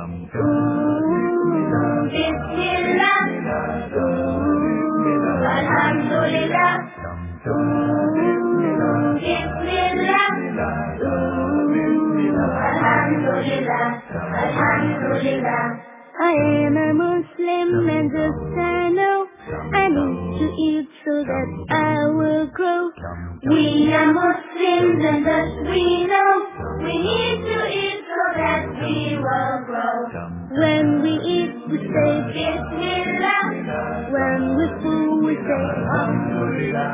I am a Muslim and a know I need to eat so that I will grow. We are Muslims and as we know, we need to eat we will grow. When we eat, we say Bismillah. When we fool, we say Alhamdulillah.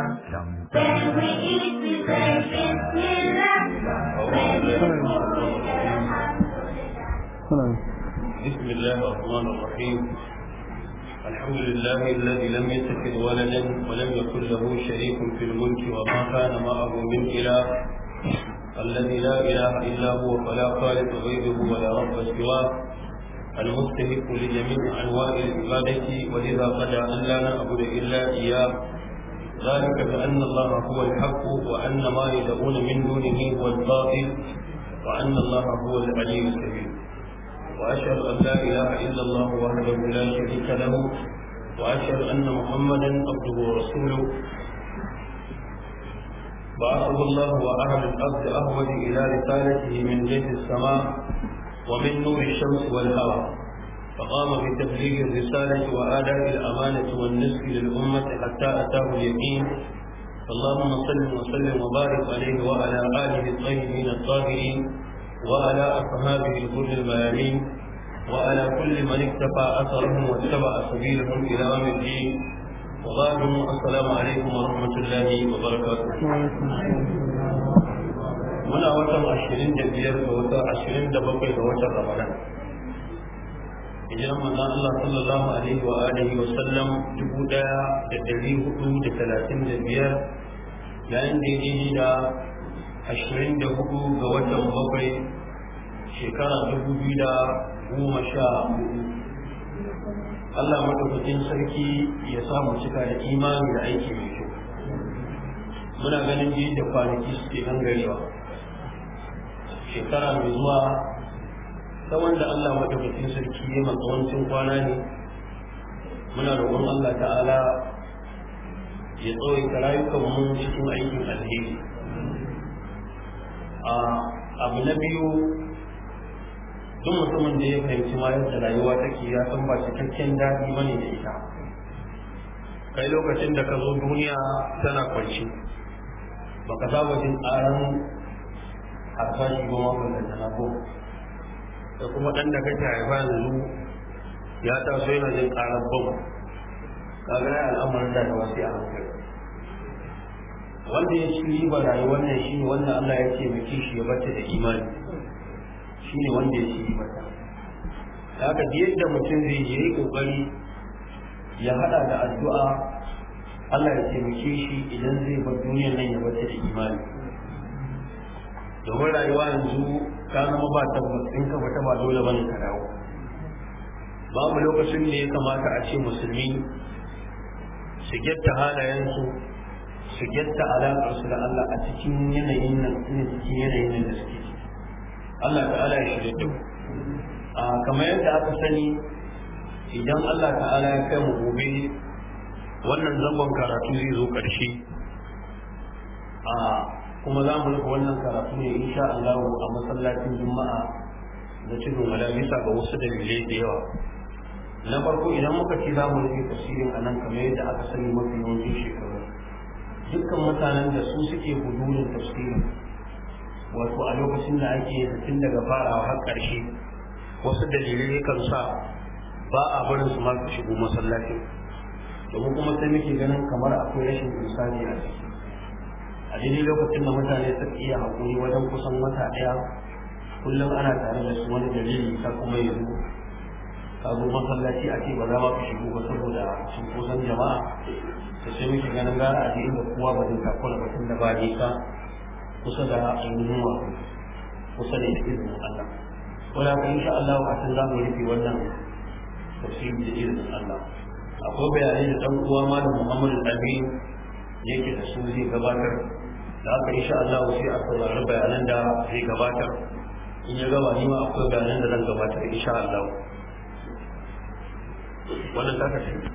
When we eat, we say Bismillah. When we fool, we say Alhamdulillah. بسم الله الرحمن الرحيم الحمد لله الذي لم يتخذ ولدا ولم يكن له شريك في الملك وما كان معه من اله الذي لا إله إلا هو فلا خالق غيره ولا رب سواه المستحق لجميع أنواع العبادة ولذا قدر أن لا نعبد إلا إياه ذلك بأن الله هو الحق وأن ما يدعون من دونه هو الباطل وأن الله هو العلي الكبير وأشهد أن لا إله إلا الله وحده لا شريك له وأشهد أن محمدا عبده ورسوله بعثه الله وأهل الأرض أهود إلى رسالته من جيش السماء ومن نور الشمس والهواء فقام بتبليغ الرسالة وآداء الأمانة والنصف للأمة حتى أتاه اليقين اللهم صل وسلم وبارك عليه وعلى آله الطيبين الطاهرين وعلى أصحابه الغر الميامين وعلى كل من اكتفى أثرهم واتبع سبيلهم إلى يوم الدين وبعد السلام عليكم ورحمة الله وبركاته muna watan ashirin da biyar ga wata ashirin da bakwai ga watan ramadan hijiran manzon Allah sallallahu alaihi wa alihi wa sallam dubu daya da dari hudu da talatin da biyar yayin da da ashirin da hudu ga watan bakwai dubu biyu da goma sha Allah madaukakin sarki ya samu cika da imani da aiki mai kyau muna ganin ji da kwanaki suke gangarewa shekara mai zuwa ta wanda Allah madaukakin sarki ya matsawancin kwana ne muna roƙon Allah ta'ala ya ta rayukan mu cikin aikin alheri ah, abu na biyu duk mutumin da ya fahimci ma yadda rayuwa take ya san ba cikakken daɗi ne da ita kai lokacin da ka zo duniya tana kwanci ka saba jin tsarin harsashi ba makon da tana ko da kuma ɗan da kake haifa yanzu ya taso yana jin tsarin bama kaga ya al'amarin da wasu a hankali wanda ya ci riba rayuwar nan shi wanda Allah ya ce mu kishi ya bata da imani shi ne wanda ya ci mata da haka yadda mutum zai je yi kokari ya hada da addu'a Allah ya taimake shi idan zai bar duniyar nan ya bata da imani domin rayuwa yanzu ta zama ba tabbas in ka bata ba dole bane ka dawo babu lokacin da ya kamata a ce musulmi su gyatta halayensu su gyatta alaƙarsu da Allah a cikin yanayin nan cikin yanayin nan da suke Allah ta'ala ya shirya duk a kamar yadda aka sani idan Allah ta'ala ya kai mu gobe wannan zangon karatu zai zo ƙarshe kuma za mu rufe wannan karatu ne insha Allah a masallacin juma'a da cikin malamisa ga wasu dalilai da yawa na farko idan muka ci za mu rufe tafsirin a nan kamar yadda aka sani mafi yawancin shekaru dukkan mutanen da su suke gudunin tafsirin wato a lokacin da ake tun daga farawa har ƙarshe wasu dalilai kan sa ba a barin su ma su shigo masallaci, domin kuma sai muke ganin kamar akwai rashin misali a ciki a daidai lokacin da mutane suka iya haƙuri wajen kusan wata ɗaya kullum ana tare da su wani dalili ta kuma yanzu ka zo masallaci a ce ba za ma ku shigo ba saboda cunkoson jama'a sai muke ganin gara a je inda kowa ba zai takura ba tun da ba ka kusa da ainihin wa kusa da izinin Allah wala ka insha Allah a san zamu rufe wannan tafsiri da izinin Allah akwai bayanai da dan uwa malam Muhammad Al-Amin yake da su zai gabatar da haka insha Allah sai a saurari bayanan da zai gabatar in ya gaba ni ma akwai bayanan da zan gabatar insha Allah wannan ta kasance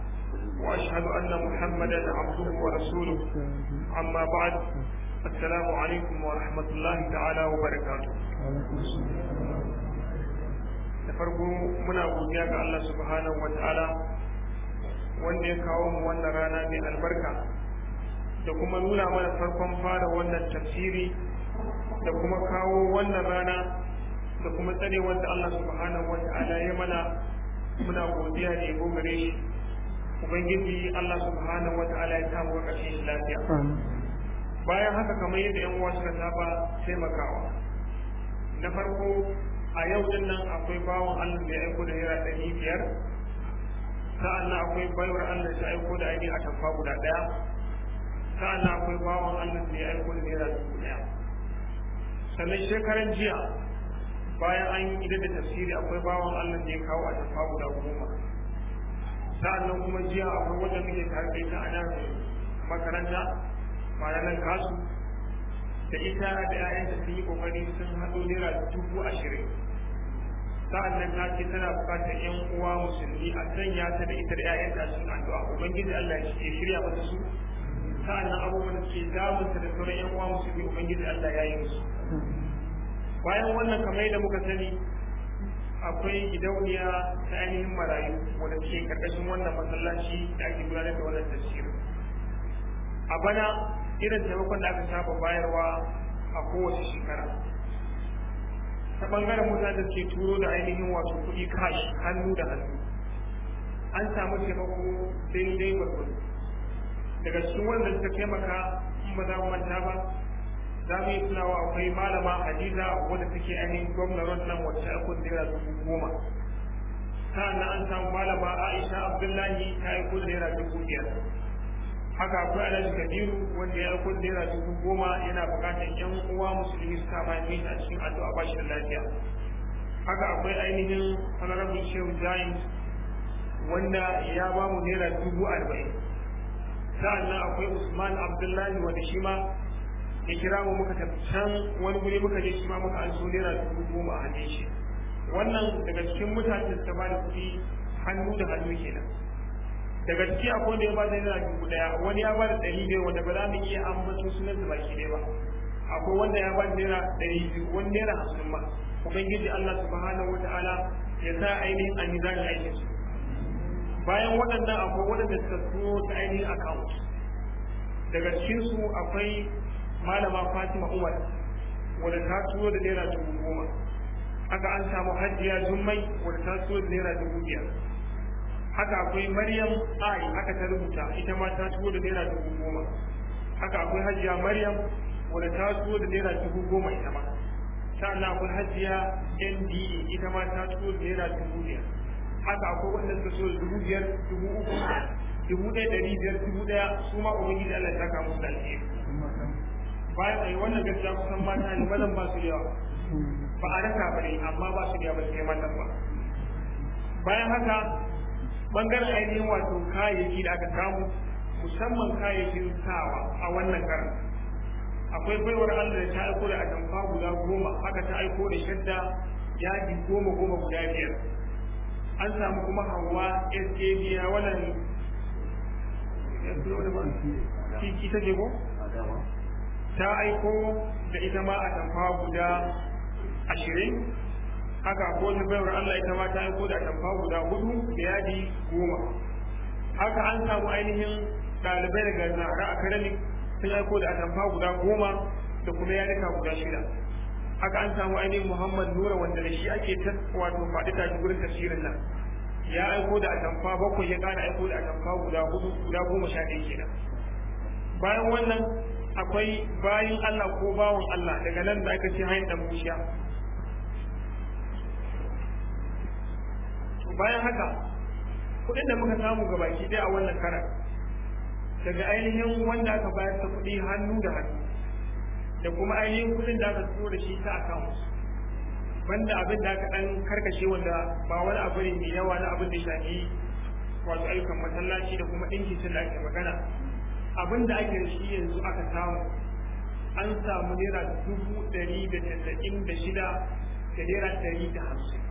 وأشهد أن محمدا عبده ورسوله أما بعد السلام عليكم ورحمة الله تعالى وبركاته da farko muna godiya ga Allah subhanahu wa ta'ala wanda ya kawo mu wannan rana mai albarka da kuma nuna mana farkon fara wannan tafsiri da kuma kawo wannan rana da kuma tsare wanda Allah subhanahu wa ta'ala ya mana muna godiya ne gogare shi ubangiji Allah subhanahu wa ta'ala ya samu ƙarshen lafiya bayan haka kamar yadda yan uwa suka saba taimakawa na farko a yau din nan akwai bawan Allah da ya aiko da naira ɗari biyar sa'an nan akwai bayar Allah da ya aiko da aiki a atamfa guda ɗaya sa'an nan akwai bawan Allah da ya aiko da naira dubu ɗaya sannan shekaran jiya bayan an yi da tafsiri akwai bawan Allah da ya kawo a atamfa guda goma sa'annan kuma jiya akwai wanda muke tare da ita a nan makaranta malaman kasu da ita da da sun yi kokari sun haɗo naira dubu ashirin sa'annan ta ce tana bukatar yan uwa musulmi a sanya ta da ita da ƴaƴan ta sun addu'a ubangiji Allah ya shirya mata su sa'annan abubuwan da suke damun ta da sauran yan uwa musulmi ubangiji Allah ya yi musu bayan wannan kamar yadda muka sani akwai gidauniya ta ainihin marayu wanda suke karkashin wannan masallaci da ake gudanar da wannan tasiri a bana irin taimakon da aka saba bayarwa a kowace shekara ta bangaren mutane da ke turo da ainihin wato kuɗi kashi hannu da hannu an samu taimako daidai gwargwado daga cikin wanda suka taimaka maza ba ba za mu yi tunawa akwai malama hadiza wadda take ainihin gwamnan nan wacce aka naira dubu goma sa'annan an samu malama aisha abdullahi ta yi kun naira dubu biyar haka akwai alhaji kabiru wanda ya kun naira dubu goma yana bukatar yan uwa musulmi su kama ni a cikin addu'a ba shi da lafiya haka akwai ainihin honorable shehu jain wanda ya ba mu naira dubu arba'in sa'annan akwai usman abdullahi wanda shi ma ya kira mu muka tafi can wani guri muka je shi ma muka an so naira dubu goma a hannun shi wannan daga cikin mutanen da ba da kuɗi hannu da hannu kenan daga ciki akwai wanda ya ba da naira dubu daya wani ya ba da ɗari ne wanda ba za mu iya ambato sunan su baki ɗaya ba akwai wanda ya ba da naira ɗari biyu wani naira hamsin ma ubangiji Allah subhanahu ta'ala ya sa ainihin an yi zani aikin su bayan waɗannan akwai waɗanda suka so ta ainihin account daga su akwai malama fatima umar wadda ta tuwo da naira dubu goma haka an samu hajjiya jummai wadda ta tuwo da naira dubu biyar haka akwai maryam ai haka ta rubuta ita ma ta tuwo da naira dubu goma haka akwai hajiya maryam wadda ta tuwo da naira dubu goma ita ma sannan akwai hajiya NDA, e, ita ma ta tuwo da naira dubu biyar haka akwai wanda tuwo da dubu biyar dubu uku dubu ɗaya ɗari biyar dubu ɗaya su ma ubangiji Allah ta saka musu alheri bayan ayi, wannan gaskiya kusan mata ne mazan ba su da yawa ba a rasa ba ne amma ba su da yawa sai matan ba bayan haka bangaren ainihin wato kayayyaki da aka samu musamman kayayyakin sawa a wannan karin akwai baiwar Allah da ta aiko da atamfa guda goma haka ta aiko da shadda yadi goma goma guda biyar an samu kuma hawa SKBA wannan ita ce ko? ta aiko da ita ma a tamfa guda ashirin haka ko wata bayar Allah ita ma ta aiko da tamfa guda hudu da yadi goma haka an samu ainihin ɗalibai daga a academic sun aiko da atamfa guda goma da kuma yadika guda shida haka an samu ainihin muhammad nura wanda da shi ake ta wato faɗi ta gurin tafsirin nan ya aiko da atamfa bakwai ya ƙara aiko da atamfa guda hudu guda goma sha ɗaya kenan bayan wannan akwai bayin Allah ko bawan Allah daga nan da aka ce hayin da bushiya bayan haka kuɗin da muka samu ga baki dai a wannan karar daga ainihin wanda aka bayar ta kuɗi hannu da hannu da kuma ainihin kuɗin da aka tsoro da shi ta account banda abin da aka dan karkashe wanda ba wani abu ne mai yawa na abin da shafi wato ayyukan masallaci da kuma ɗinkin sun da ake magana abin da ake shi yanzu aka samu an samu naira dubu ɗari da tasa'in da shida da naira ɗari da hamsin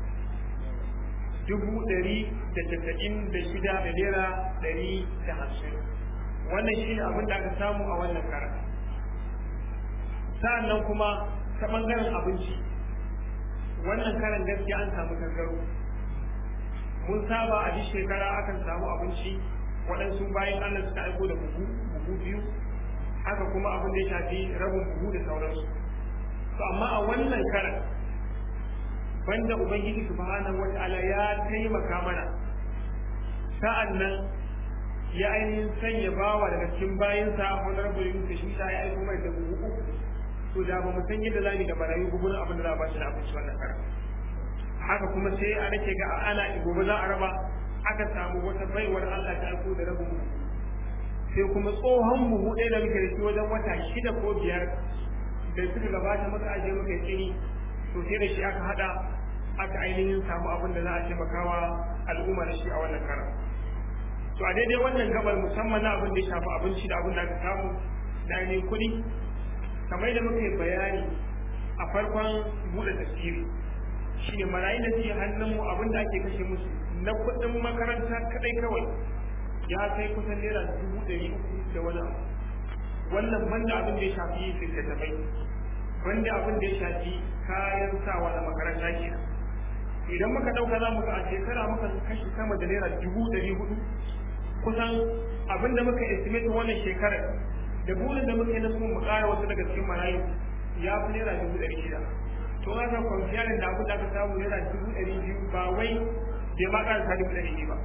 dubu ɗari da tasa'in da shida da naira ɗari da hamsin wannan shi ne abin da aka samu a wannan kara sa'an nan kuma ta ɓangaren abinci wannan karan gaskiya an samu gangaro mun saba a duk shekara akan samu abinci waɗansu bayan Allah suka aiko da buhu buhu biyu haka kuma abin da ya shafi rabin buhu da sauransu to amma a wannan karan banda ubangiji subhanahu ta'ala ya taimaka mana sa'an nan ya ainihin sanya bawa daga cikin bayansa yin da shi ya aiko mai da buhu uku to da ba mu san yadda za zamu da barayi gugun abin da za ba shi na abinci wannan karan haka kuma sai a nake ga ana gobe za a raba aka samu wata baiwar Allah ta aiko da rabin sai kuma tsohon mu huɗe da muke da shi wajen wata shida ko biyar da suka gabata muka ajiye muka yi to sai da shi aka hada aka ainihin samu abin da za a taimakawa al'umma da shi a wannan karan to a daidai wannan gabar musamman na abin da ya shafi abinci da abin da aka samu da ainihin kuɗi kamar da muka yi bayani a farkon buɗe tasiri shine marayu da ke hannunmu abin da ake kashe musu na kuɗin makaranta kaɗai kawai ya kai kusan naira dubu ɗari uku da wani abu wannan banda abin da ya shafi littattafai banda abin da ya shafi kayan sawa da makaranta ke. idan muka ɗauka za mu ga a shekara muka kashe sama da naira dubu ɗari hudu kusan abin da muka estimate wannan shekarar da burin da muka yi na kuma mu ƙara wasu daga cikin marayu ya fi naira dubu ɗari shida to ta kwanciyarin da abin da aka samu naira dubu ɗari biyu ba wai bai ma ƙara dubu ɗari biyu ba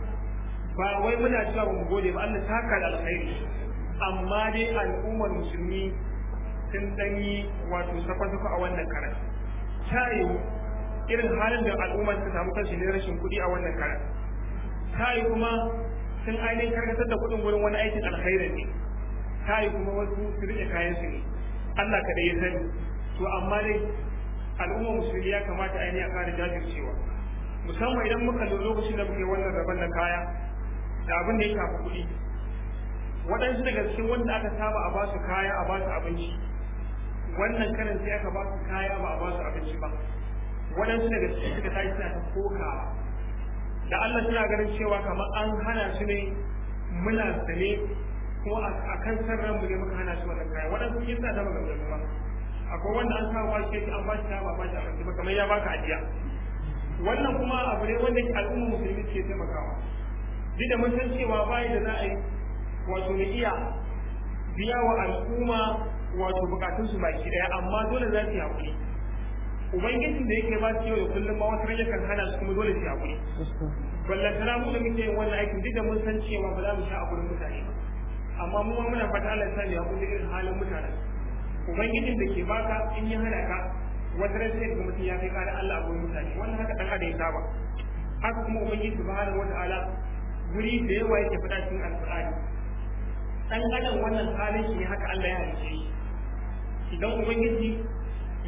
ba wai muna cewa mu gode ba Allah ta kada alkhairi amma dai al'ummar musulmi sun dan yi wato sakon sakwa a wannan karan ta yiwu irin halin da al'ummar ta samu kashi ne rashin kuɗi a wannan karan ta yi kuma sun ainihin karkatar da kuɗin wurin wani aikin alkhairi ne ta yi kuma wasu su riƙe kayan su ne Allah kaɗai ya sani to amma dai al'ummar musulmi ya kamata ainihin a ƙara jajircewa musamman idan muka zo lokacin da muke wannan rabon na kaya da abin da ya shafi kuɗi waɗansu daga cikin wanda aka saba a basu kaya a basu abinci wannan karin sai aka basu kaya ba a basu abinci ba waɗansu daga cikin suka tashi suna ta koka. da Allah suna ganin cewa kamar an hana su ne muna sane ko a kan sarran mu ne muka hana su wannan kaya waɗansu ke sa ta gaba ba akwai wanda an sa ba shi an ba shi ta ba ba shi abinci ba kamar ya baka ajiya wannan kuma abu ne wanda al'ummar musulmi ke taimakawa duk da mun san cewa bai da za a yi wato mu iya biya wa al'umma wato bukatun su baki daya amma dole za su yi hakuri ubangijin da yake ba su yau da kullum ba wata kan hana su kuma dole su yi hakuri ballantana mu da muke yin wannan aikin duk da mun san cewa ba za mu sha a gurin mutane ba amma mu muna fata Allah ya sani hakuri irin halin mutane. ubangijin da ke baka in ya hana ka wata ran sai ga mutum ya kai kare Allah a gurin mutane wannan haka dan da ya saba haka kuma ubangiji subhanahu ta'ala guri da yawa yake faɗa cikin alƙur'ani dan gadan wannan halin shi ne haka Allah ya halice shi idan ubangiji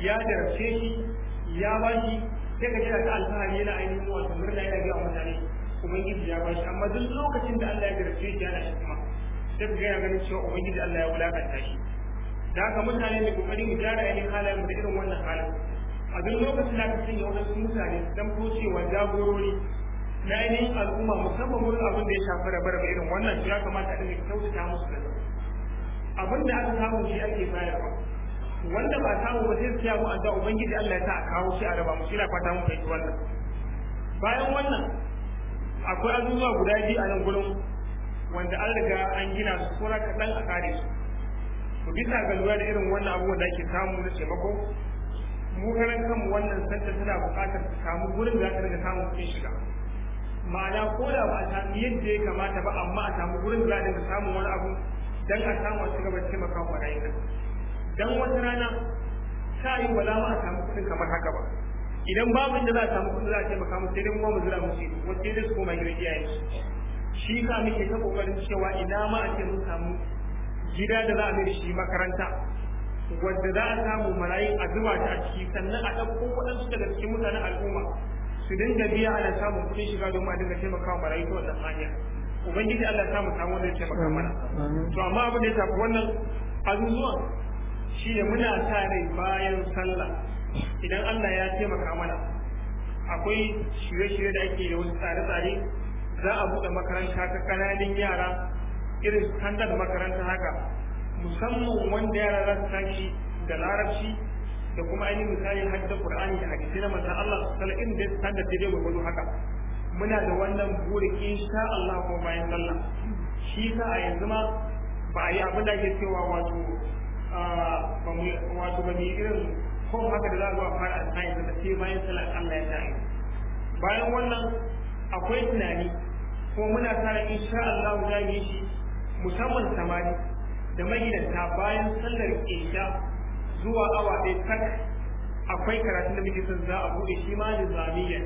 ya jarabce shi ya ba shi sai ka jira ka alfahari yana ainihin wato murna yana ga mutane ubangiji ya ba shi amma duk lokacin da Allah ya jarabce shi yana kuma sai ka ga ya ganin cewa ubangiji Allah ya wulakanta shi da haka mutane mai kokari mu gyara ainihin halayen mu da irin wannan halin a duk lokacin da ka sanya wadansu mutane dan kocewa jagorori na ainihin al'umma musamman wurin abin da ya shafi rabar irin wannan ya kamata a dinga kyautata musu da abin da aka samu shi ake bayarwa wanda ba samu ba sai siya mu adda ubangiji Allah ya sa a kawo shi a raba mu shi na fata mu kai wannan bayan wannan akwai azuzuwa guda biyu a nan gurin wanda an riga an gina su ko na kaɗan a kare su to bisa ga lura da irin wannan abubuwan da ake samu na taimako mu karan kanmu wannan santa tana buƙatar ta samu gurin da za ta riga samun kuɗin shiga ma'ana ko da ba a samu yadda ya kamata ba amma a samu gurin da za a samun wani abu dan a samu a cigaba da taimaka wa rayuwa dan wata rana sa yi wala ma a samu kuɗin kamar haka ba idan babu inda za a samu kuɗin za a taimaka musu sai dai kuma mu zura musu wasu sai dai su koma gidan yi. shi ka muke ta kokarin cewa ina ma a ce mun samu gida da za a mai shi makaranta wadda za a samu marayin a zuba ta a ciki sannan a ɗauko waɗansu daga cikin mutanen al'umma su dinga biya ana samun kuɗin shiga domin a dinga taimakawa marayu ta wannan hanya ubangiji Allah ya samu samu wanda ya taimaka mana to amma abin da ya tafi wannan azuzuwan shi ne muna sa rai bayan sallah idan Allah ya taimaka mana akwai shirye-shirye da ake da wasu tsare-tsare za a buɗe makaranta ta ƙananan yara irin standard makaranta haka musamman wanda yara za su tashi da larabci da kuma ainihin misali hadda Qur'ani da hadisi na manzon Allah sallallahu alaihi wasallam da sai dai gwagwado haka muna da wannan burin insha Allah ko bayan sallah shi sa a yanzu ma ba a yi abin da ake cewa wato wato ba mu irin ko haka da za a zuwa fara a tsayin da sai bayan sallah Allah ya tsaye bayan wannan akwai tunani ko muna tsara insha Allah za mu yi shi musamman samari da magidanta bayan sallar isha zuwa awa ɗaya tak akwai karatun da muke son za a buɗe shi ma nizamiyyar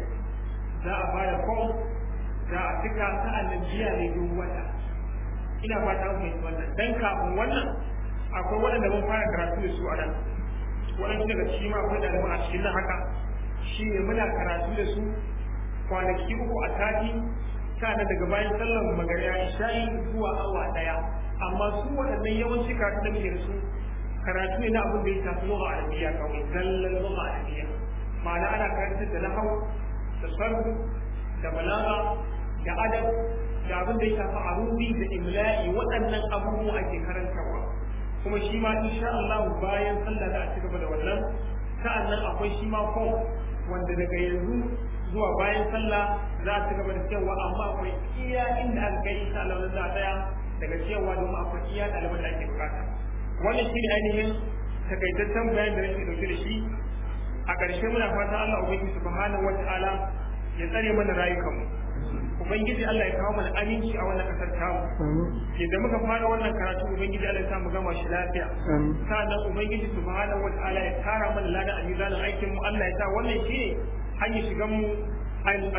za a fara form za a cika sa'an nan jiya ne don wata ina fata mu fahimci wannan dan kafin wannan akwai waɗanda mun fara karatu da su a nan waɗansu daga shi ma akwai ɗalibai a cikin nan haka shi ne muna karatu da su kwanaki uku a sati kana daga bayan sallar magariya shayi zuwa awa ɗaya amma su waɗannan yawanci karatu da muke da su karatu ne na abin da ya shafi lugha arabiya kawai zallan lugha arabiya ma'ana ana karantar da lahau da sarfu da balaga da adab da abin da ya shafi arubi da imla'i waɗannan abubuwa ake karantarwa kuma shi ma insha Allah bayan sallah da a ci gaba da wannan sa'annan akwai shi ma wanda daga yanzu zuwa bayan sallah za a ci gaba da cewa amma akwai iya inda aka kai insha Allah za a tsaya daga cewa domin akwai iya ɗaliban da ake bukata wannan shi ne ainihin takaitaccen bayan da nake dauke da shi a ƙarshe muna fata Allah ubangiji subhanahu wata'ala ya tsare mana rayukanmu ubangiji Allah ya kawo mana aminci a wannan kasar tamu yadda muka fara wannan karatu ubangiji Allah ya sa mu gama shi lafiya sannan ubangiji subhanahu wata'ala ya tara mana ladan a mizanin aikin mu Allah ya sa wannan shi ne hanyar shigan mu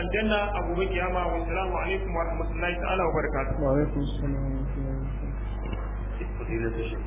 aljanna a gobe kiyama wa assalamu alaikum wa rahmatullahi ta'ala wa barakatuh wa alaikum assalam wa rahmatullahi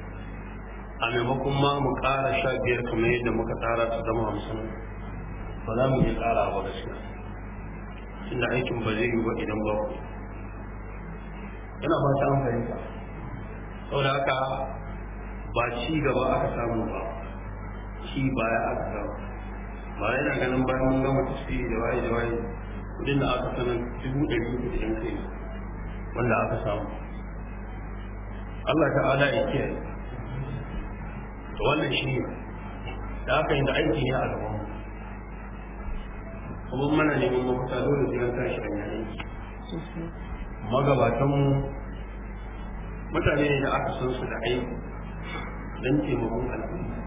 a maimakon ma mu ƙara sha biyar kamar yadda muka tsara su zama hamsin ba za mu iya ƙara ba gaskiya inda aikin ba zai yi ba idan ba ku yana ba ta fahimta da haka ba ci gaba aka samu ba ci baya aka samu ba yana ganin bayan mun gama tafsiri da waye da waye kudin da aka sanar dubu ɗari biyu da yan kai wanda aka samu Allah ta'ala ya kiyaye Da wannan shi ne da aka yi da aiki ne a gaban kuma mana neman mafita dole sai an tashi an aiki magabatanmu mutane ne da aka san su da aiki don taimakon al'umma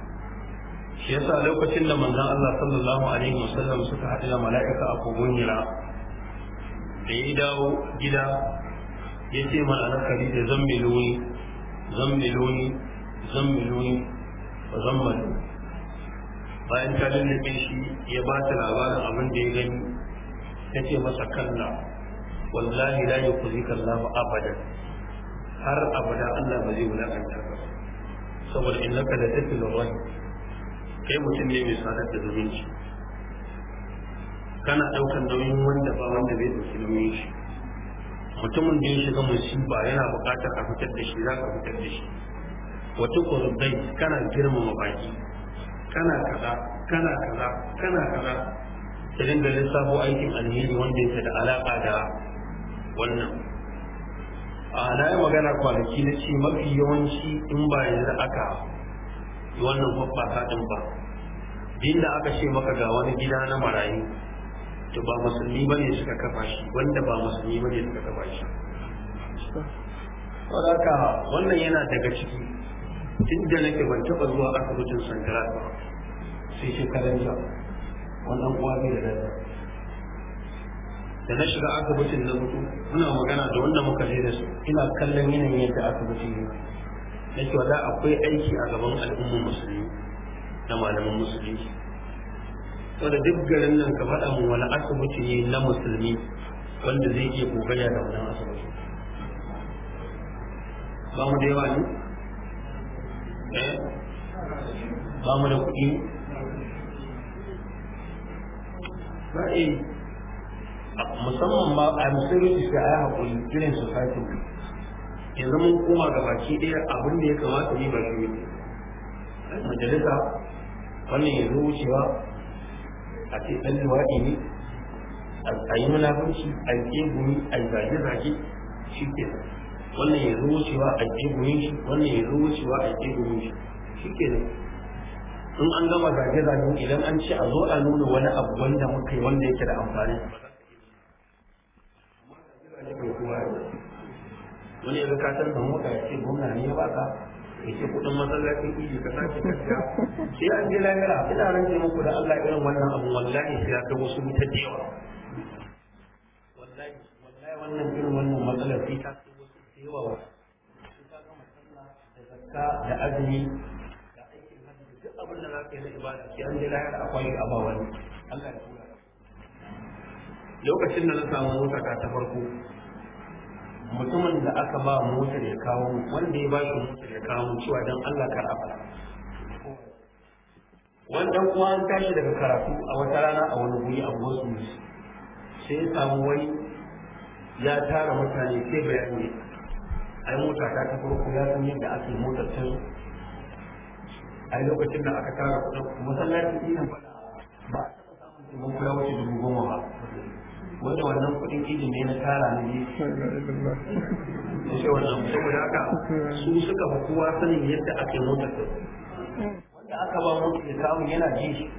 shi yasa lokacin da manzon Allah sallallahu alaihi wasallam suka haɗu da mala'ika a kogon Hira da ya dawo gida ya ce mana na kari da zammiloni zammiloni zammiloni fa zamman bayan ta lullube shi ya ba ta labarin abin da ya gani ta ce masa kalla wallahi la yukhzika Allah abadan har abada Allah ba zai wulakanta ba saboda innaka tafi tafilu rahim kai mutum ne mai sadar da zumunci kana ɗaukar nauyin wanda ba wanda bai dauki nauyin shi mutumin da ya shiga musiba yana buƙatar a fitar da shi za ka fitar da shi wa tuqru bayt kana girmama baki kana kaza kana kaza kana kaza idan da lissafo aikin alheri wanda yake da alaka da wannan a na yi magana kwanaki na ce mafi yawanci in ba yanzu aka yi wannan hoɓɓasa ɗin ba din da aka ce maka ga wani gida na marayu to ba musulmi ba ne suka kafa shi wanda ba musulmi ba ne suka kafa shi saboda wannan yana daga ciki duk da nake ban taɓa zuwa asibitin sankara sai shekaran jiya wannan uwa bai da dada da na shiga asibitin na mutu muna magana da wanda muka je da su ina kallon yanayin yadda asibiti ne nake wada akwai aiki a gaban al'ummar musulmi da malaman musulmi wanda duk garin nan ka faɗa mu wani asibiti ne na musulmi wanda zai iya kokari da wannan asibiti ba mu da yawa ne ba mu da kuɗi ba musamman ba a musulunci sai a yi haƙuri irin society yanzu mun koma ga baki ɗaya abin da ya kamata ni ba shi ne majalisa wannan ya zo wucewa a ce ɗan liwaɗi ne a yi munafunci a yi gumi, a yi zage-zage shi ke wannan ya zo wucewa a gumi shi wannan ya zo wucewa a gumi shi ke in an gama zage zage idan an ci a zo a nuna wani abu wanda muka yi wanda yake da amfani wani yanzu ka san ban mota ya ce gwamna ne ya ka, ya ce kudin masallacin iji ka sace gaskiya sai an je lahira ina nan ce muku da Allah irin wannan abu wallahi sai ya ga wasu mutar da wallahi wallahi wannan irin wannan matsalar sai ta ce wasu da yawa da azumi lokacin da na samu mota ta ta farko mutumin da aka ba mota ya kawo wanda ya ba shi mota ya kawo cewa dan Allah kar a fara wannan kuma an tashi daga karatu a wata rana a wani guri a wasu sai ya samu wani ya tara mutane sai bayani ai mota ta ta farko ya san yadda ake motar ta a lokacin da aka tara kuɗin masallacin idan ba ba mun kula wace dubu goma ba wanda wannan kuɗin idin ne na tara ne ne shi wannan saboda haka su suka fi kowa sanin yadda ake motar wanda aka ba mu ya samu yana ji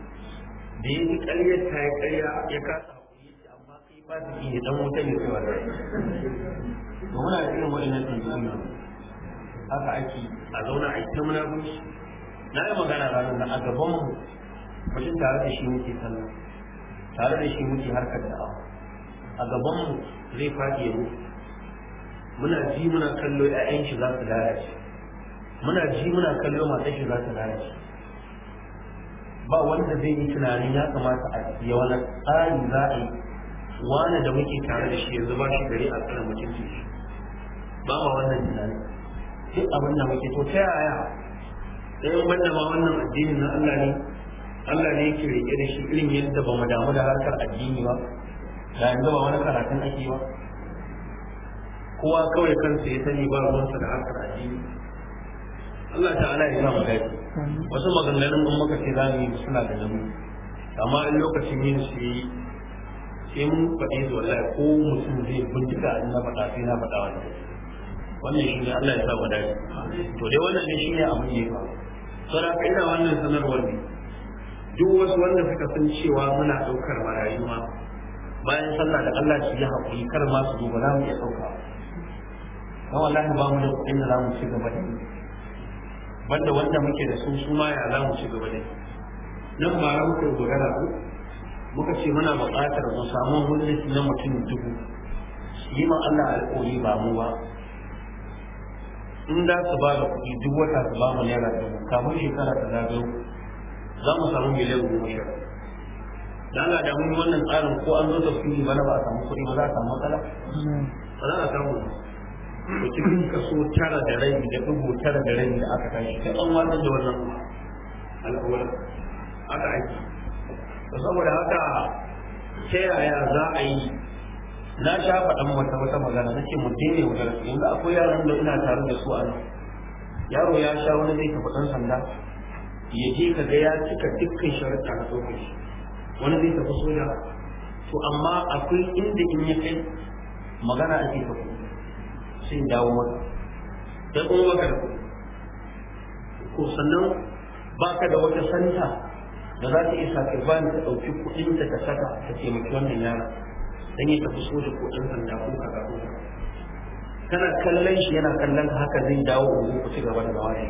da ya yi ƙaryar ta ya ƙarya ya kasa amma kai ba su ke dan wuta ne kai Ba to muna da irin waɗannan tambayoyi haka ake a zauna a yi ta munafunci na yi magana ranar da a gaban mu mutum tare da shi muke sallah tare da shi muke harkar da da'awa a gaban mu zai faɗi ya mutu muna ji muna kallo 'ya'yan shi za su lalace muna ji muna kallo matan shi za su lalace ba wanda zai yi tunanin ya kamata a siya wani tsari za a yi wani da muke tare da shi yanzu ba shi gari a tsarin mutunci shi ba ma wannan tunanin duk abin da muke to ta yaya sai banda ma wannan addinin na Allah ne Allah ne yake rike da shi irin yadda ba mu damu da harkar addini ba da yanzu ba wani karatun ake ba kowa kawai kansa ya sani ba ruwansa da harkar addini Allah ta'ala ya sa mu wasu maganganun mun muka ce zamu yi suna da nauyi amma in lokacin yin su yi sai mun faɗi da wallahi ko mutum zai bincika in na faɗa sai na faɗa wannan wannan shi ne Allah ya sa mu to dai wannan ne shi ne abin da ya faru ka ina wannan sanarwar ne duk wasu wanda suka san cewa muna ɗaukar marayu bayan sallah da Allah shi ya haƙuri kar ma su zo ba za mu iya ɗauka ba wallahi ba mu da kuɗin da za mu ci gaba da banda wanda muke da su su ma ya za mu ci gaba da nan ba ran ku dogara ku muka ce muna buƙatar mu samu wani na mutum dubu yi ma Allah alƙawari ba mu ba in za su ba da kuɗi duk wata su ba mu naira dubu kamar shekara ta zagayo za mu samu miliyan goma sha da ana da mun wannan tsarin ko an zo tafsiri bana ba a samu kuɗi ba za a samu matsala ba za a samu to cikin kaso tara da rai da dubu tara da rai da aka tashi sai an wannan da wannan al'awar aka aiki saboda haka ta yaya za a yi na sha faɗan wata wata magana na ce mu daina yaudar su yanzu akwai yaran da ina tare da su a nan yaro ya sha wani zai tafi ɗan sanda ya je ka ga ya cika dukkan sharuɗa na tsofaffi, wani zai tafi soja to amma akwai inda in ya kai magana ake ta kuɗi sai dawo mata sai kuma ka da ko sannan baka da wata santa da za ta isa ka ba ni ta ɗauki kuɗin ta saka ta taimaki wannan yaran. dan ya tafi soja ko ɗan sanda ko kaza ko kana kallon shi yana kallon haka zai dawo ugu ku ci gaba da wani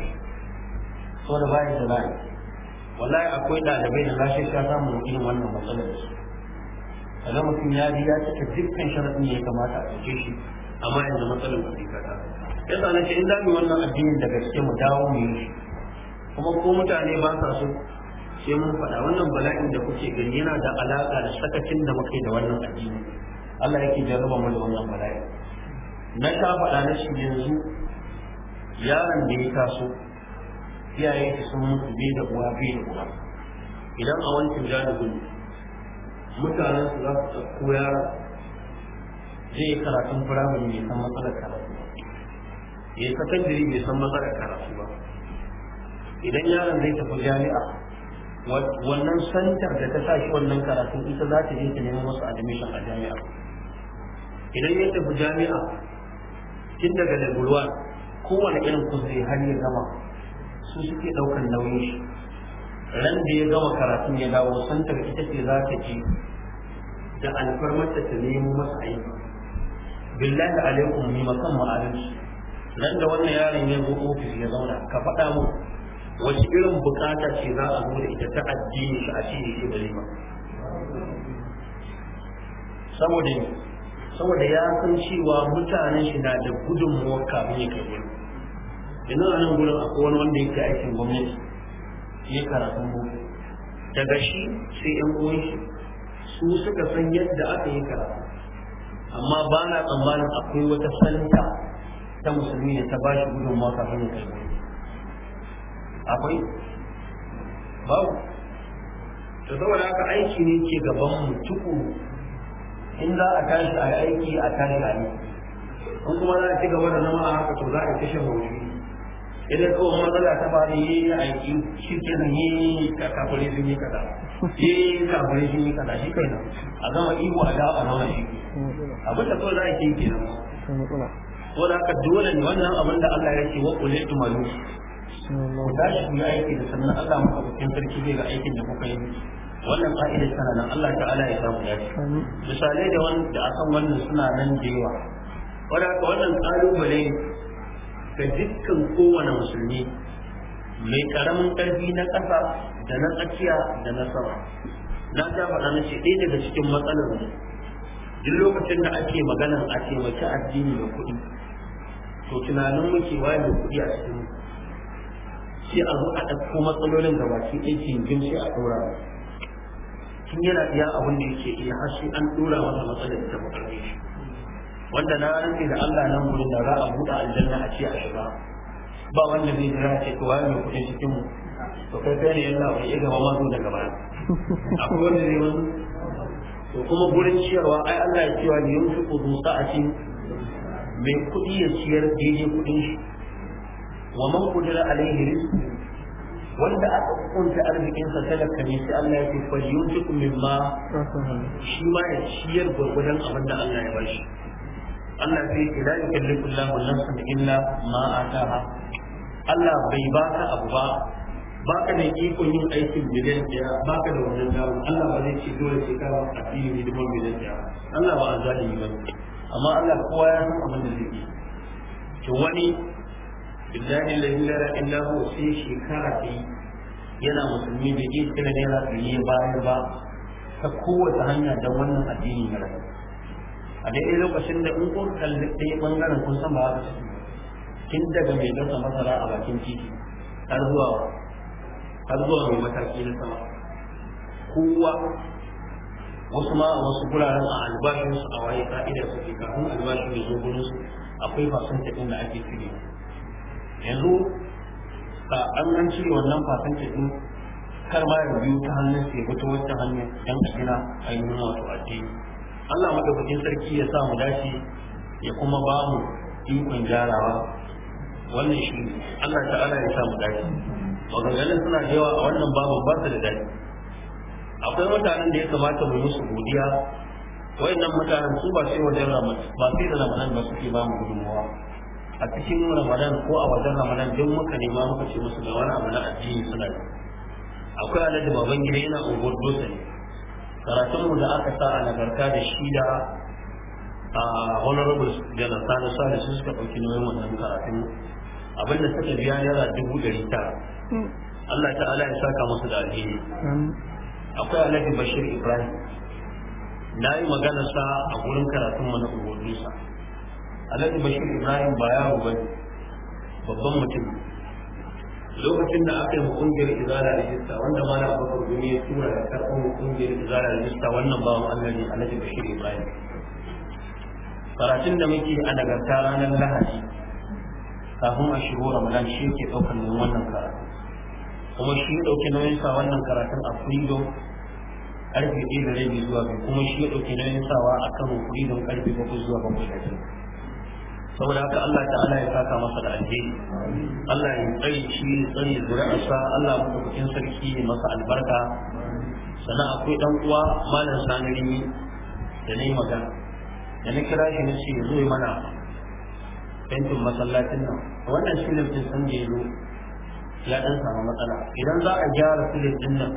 so da bai da wallahi akwai ɗalibai da lashe ka samu irin wannan matsalar su kaga mutum ya ji ya cika dukkan sharadin da ya kamata a cike shi amma yanzu matsalar ku ka ta yasa na ce in mu wannan addinin da gaske mu dawo mu yi kuma ko mutane ba sa so sai mun faɗa wannan bala'in da kuke gani yana da alaƙa da sakacin da muke da wannan addini Allah yake jarraba mu da wannan bala'i na sha faɗa na shi yanzu yaron da ya taso iyaye sun mutu bai da uwa bai da uwa idan a wancan janibin mutanen su za su ɗauko yaron zai yi karatun firamare mai san matsalar karatu ba ya sakandare bai san matsalar karatu ba idan yaron zai tafi jami'a wannan santar da ta tashi wannan karatun ita za ta je ta nemo wasu admission a jami'a idan ya tafi jami'a tun daga level 1 kowane irin kuzari har ya gama su suke ɗaukar nauyin shi ran da ya gama karatun ya dawo santar ita ce za ta je da alfarmarta ta nemo masa aiki billahi alaikum ni makan ma'adalci ran da wannan yaron ya zo ofis ya zauna ka faɗa mu wace irin bukata ce za a zo ita ta addini shi a cikin shi da ba saboda saboda ya san cewa mutanen shi na da gudunmuwar kafin ya kai yanzu a nan gudun akwai wani wanda ke aikin gwamnati ya karatu boko daga shi sai yan uwan shi su suka san yadda aka yi karatu amma ba na tsammanin akwai wata santa ta musulmi da ta ba shi gudunmuwa kafin ya kai akwai babu to saboda haka aiki ne ke gaban mu tuku in za a tashi a aiki a tashi a yi in kuma za a ci gaba da zama a haka to za a kashe mawuri idan kawo matsala ta faru yi aiki shi ke nan yi kakafure sun yi kaza yi kakafure sun yi kaza shi kai a zama ihu a dawa a zama shi abin da kawai za a ke yi ko da haka dole ne wannan abin da Allah ya ce wa kulaitu malu ku tashi ku yi aiki da sannan Allah mu abokin sarki zai ga aikin da kuka yi wannan ka'idar tana nan Allah ta'ala ya samu ya ce misalai da wani da akan wannan suna nan da yawa wanda ka wannan kalubale ga dukkan kowane musulmi mai karamin karfi na ƙasa da na tsakiya da na sama na ta faɗa na ce ɗaya daga cikin matsalar mu duk lokacin da ake maganar a taimaki addini da kuɗi to tunanin muke waye da kuɗi a cikin sai a zo a ɗauko matsalolin da baki ɗaya jin sai a ɗora tun yana iya abin da yake iya har sai an ɗora wata matsalar da ba kare shi wanda na rantsi da Allah nan gurin da za a buɗe aljanna a ce a shiga ba wanda zai jira ce to wani mai kuɗin cikin mu to kai kai ne yalla wani iya gama mazo daga baya akwai wanda zai wani to kuma gurin ciyarwa ai Allah ya cewa ne a ce mai kuɗi ya ciyar daidai kuɗin shi wa man qadira alaihi rizqu wanda aka kunta arzikin talaka ne sai Allah ya ce fa yunfiqu mimma shi ma ya ciyar gurgurdan abin da Allah ya bashi Allah sai ya la yukallifu Allahu nafsan illa ma ataha Allah bai baka abu ba ba ka da ikon yin aikin miliyan daya ka da wannan dawo Allah ba zai ce dole sai ka a fili hidimar miliyan daya Allah ba azali ba amma Allah kowa ya san abin da zai yi to wani billahi lillahi la ilaha illa hu sai shekara ta yana musulmi bai iya cire naira ɗari bayan ba ta kowace hanya don wannan addini na rayu a daidai lokacin da in kun kalli ɗaya ɓangaren kun san ba haka su kin daga mai gasa masara a bakin titi har zuwa har zuwa mai mataki na sama kowa wasu ma a wasu guraren a albashinsu a waye ka'ida su ke kafin albashi mai zo gurinsu akwai fasin taɗin da ake fiye yanzu an an cire wannan fasanci din kar ma ya biyu ta hannun sai fito wacce hanyar dan a gina nuna wato addini Allah madaukakin sarki ya sa mu dace ya kuma ba mu ikon jarawa. wannan shi Allah ta'ala ya sa mu dace maganganun suna da yawa a wannan babu ba su da dadi. akwai mutanen da ya kamata mu musu godiya wayannan mutanen su ba sai wajen ramadan ba sai da ramadan ba suke ba mu gudunmawa a cikin ramadan ko a wajen ramadan duk muka nema muka ce musu da wani abu na addini suna yi akwai da baban gida yana unguwar dosa ne karatunmu da aka sa a nagarta da shi da a honorable janar sani sani su suka ɗauki nauyin wannan karatun abinda suka biya yara dubu ɗari tara Allah ta'ala ya saka musu da alheri akwai da bashir ibrahim na yi magana sa a gurin karatunmu na unguwar dosa. alhaji bashir ibrahim ba yaro ba babban mutum lokacin da aka yi wa kungiyar izala rajista wanda ma na abubakar gumi ya tura da karfin wa kungiyar izala rajista wannan ba mu annabi alhaji bashir ibrahim karatun da muke a nagarta ranar lahadi kafin a shigo ramadan shi ke ɗaukar nan wannan karatu kuma shi ya ɗauki nauyin sa wannan karatun a freedom karfe ɗaya da rabi zuwa biyu kuma shi ya ɗauki nauyin sawa a kan freedom karfe bakwai zuwa bakwai da biyu saboda haka Allah ta'ala ya saka masa da alheri Allah ya tsayi shi ya tsare zuri'arsa Allah ya madaukakin sarki ya masa albarka sannan akwai dan uwa malam sanari da ne magana da na kira shi na ce zo mana fentin masallacin nan wannan silif din sun ya zo ya dan samu matsala idan za a gyara filin nan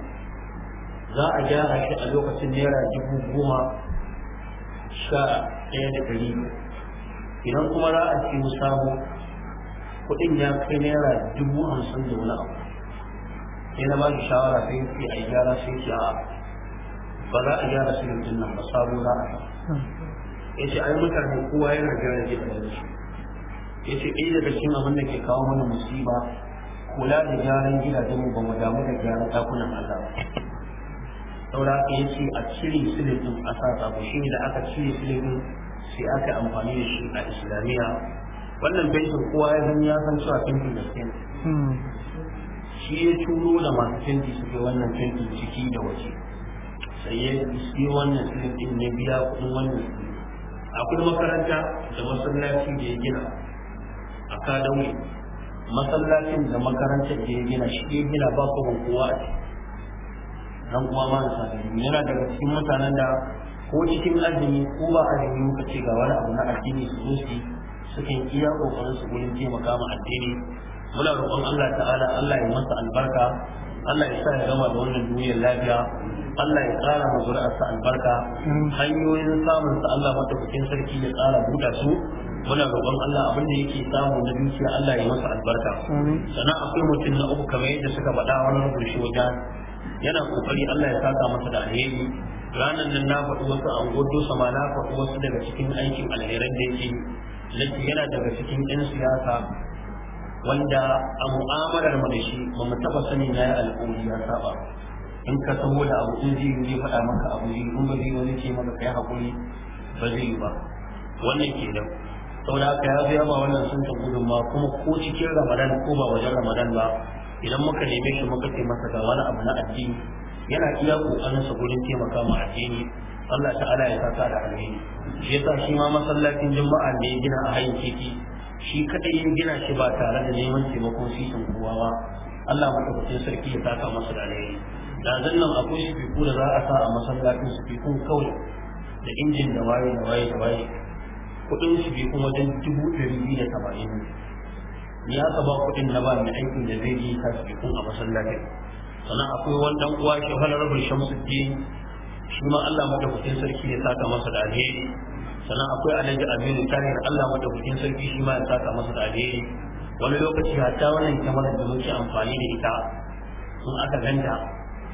za a gyara shi a lokacin naira dubu goma sha ɗaya da ɗari idan kuma za a mu sabo kuɗin ya kai naira dubu hamsin da wani abu sai na ba shi shawara sai ce a gyara sai ce a ba za a gyara su yanzu nan ba sabo za a ya ce ai mutane kowa yana gyara ji da su ya ce ɗaya daga cikin abin da ke kawo mana musiba kula da gyaran gidajenmu ba mu damu da gyaran ɗakunan Allah ba saura ya ce a cire silibin a sa sabo shi da aka cire silibin sai aka amfani da shi a islamiyya wannan baitul kowa ya san ya san cewa fenti da fenti. Hmm. shi ya turo da masu fenti suke wannan fenti ciki da waje sai ya iske wannan fenti na biya kudin wannan akwai makaranta da masallaci da ya gina a kadawai masallacin da makaranta da ya gina shi ya gina ba kowa kowa a ciki dan kuma ma yana daga cikin mutanen da ko cikin azumi ko ba azumi muka ce ga wani abu na addini su zo su sukan iya kokarin su gurin taimaka ma addini muna roƙon Allah ta'ala Allah ya masa albarka Allah ya sa ya gama da wannan duniyar lafiya Allah ya tsara mu zuri'arsa albarka hanyoyin samun sa Allah madaukakin sarki ya tsara buɗa su muna roƙon Allah abin da yake samu na dukiya Allah ya masa albarka sannan akwai mutum na uku kamar yadda suka faɗa wani rubuce wajen yana kokari Allah ya saka masa da alheri ranar nan na faɗi wasu an gudu sama na faɗi wasu daga cikin aikin alheran da yake lafi yana daga cikin 'yan siyasa wanda a mu'amalar mu da shi ba mu taɓa sani na yi alƙawari ya saba in ka taho da abu in zai yi faɗa maka abu yi in ba zai wani ce maka kai haƙuri ba zai yi ba wannan ke da saboda haka ya zai ba wannan sun ta gudunma kuma ko cikin ramadan ko ba wajen ramadan ba idan muka neme shi muka ce masa ga wani abu na addini yana iya kokarin sa gurin taimaka ma addini Allah ta'ala ya saka da alheri shi yasa shi ma masallacin juma'a ne gina a hayin kifi. shi kadai yin gina shi ba tare da neman taimakon sitin kowa ba Allah madaukakin sarki ya saka masa da alheri da zannan akwai shifiku da za a sa a masallacin shifikun kawai da injin da waye da waye da waye kudin shifikun wajen dubu ɗari biyu da saba'in ya saba kudin na ba mai aikin da zai yi ta a masallacin sannan akwai wannan uwa shi honorable shamsuddin shi ma Allah madaukakin sarki ya saka masa da alheri sannan akwai alhaji aminu tahir Allah madaukakin sarki shi ma ya saka masa da alheri wani lokaci hatta wannan kyamarar da muke amfani da ita sun aka ganta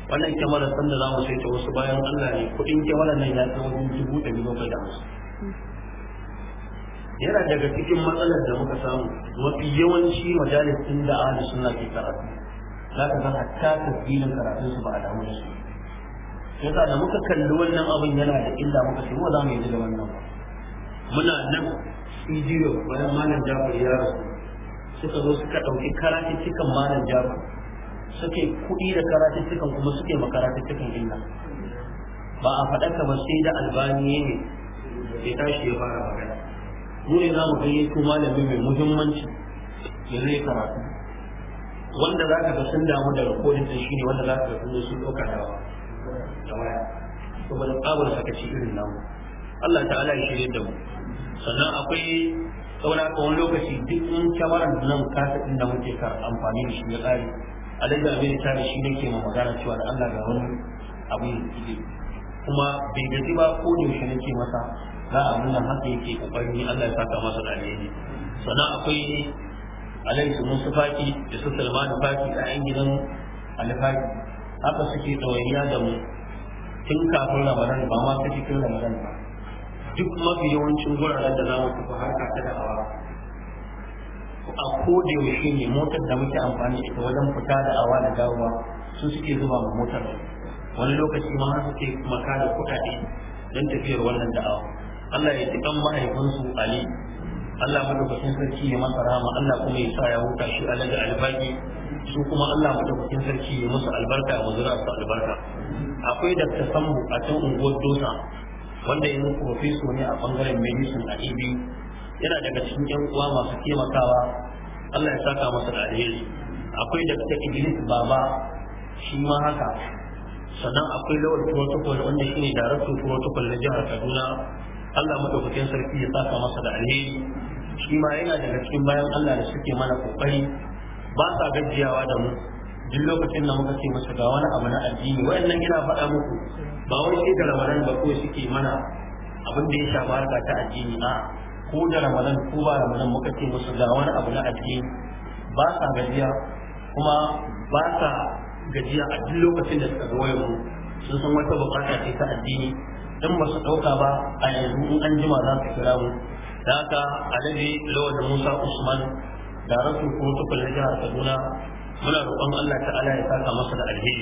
wannan kyamarar san da za mu sai ta wasu bayan Allah ne kuɗin kyamarar nan ya kai wajen dubu ɗari bakwai da hamsin yana daga cikin matsalar da muka samu mafi yawanci majalisin da ahli suna ke karatu za ka ga hatta tasbilin karatun su ba a damu da su sai ka da muka kalli wannan abin yana da illa muka ce mu za mu yi da wannan muna nan idiyo bayan malam jafar ya rasu suka zo suka ɗauki karatuttukan malam jafar suke kuɗi da karatuttukan kuma suke cikin illa ba a ka ba sai da albani ne ya tashi ya fara magana mu ne za mu gayyato malamin mai muhimmanci ya zai karatu wanda za ka ga sun damu da rikodin shi shine wanda za ka ga sun zo sun ɗauka da waya saboda tsabar sakaci irin namu Allah ta'ala ya shirye da mu sannan akwai saboda ka wani lokaci duk in kyamarar nan kasa din da muke kar amfani da shi ya tsari a daga abin da tare shi nake ma magana cewa da Allah ga wani abu ya tsige kuma bai gaji ba ko da yaushe nake masa za a nuna haka yake kokarin Allah ya saka masa da alheri sannan akwai alaihi musu faki da su da faki a yan gidan alfaki haka suke ɗawainiya da mu tun kafin ramadan ba ma ta cikin ramadan ba duk mafi yawancin guraren da za mu tafi harka ta da'awa a koda yaushe ne motar da muke amfani ita wajen fita da awa da dawowa su suke zuba motar wani lokaci ma har suke maka da kuɗaɗe don tafiyar wannan da'awa Allah ya ji ɗan mahaifinsu Ali Allah madaukakin sarki ya masa rahama Allah kuma ya sa ya huta shi a daga albaki su kuma Allah madaukakin sarki ya musu albarka a zura su albarka akwai Dr. Sambu a can unguwar Dosa wanda yanzu professor ne a bangaren medicine a EB yana daga cikin yan uwa masu taimakawa Allah ya saka masa da alheri akwai Dr. Idris Baba shi ma haka sannan akwai lawal protocol wanda shine director protocol na jihar Kaduna Allah madaukakin sarki ya saka masa da alheri shi ma yana daga cikin bayan Allah da suke mana kokari ba sa gajiyawa da mu duk lokacin da muka ce masa ga wani abu na addini wayannan ina faɗa muku ba wai shi da ramadan ba ko suke mana abin da ya sha harka ta addini ba ko da ramadan ko ba ramadan muka ce musu ga wani abu na addini ba sa gajiya kuma ba sa gajiya a duk lokacin da suka ga wayar mu sun san wata bukata ce ta addini dan ba su ɗauka ba a yanzu in an jima za su kira mu da haka alaji lawan musa usman da rasu ko tukul na jihar kaduna muna roƙon allah ta'ala ya saka masa da alheri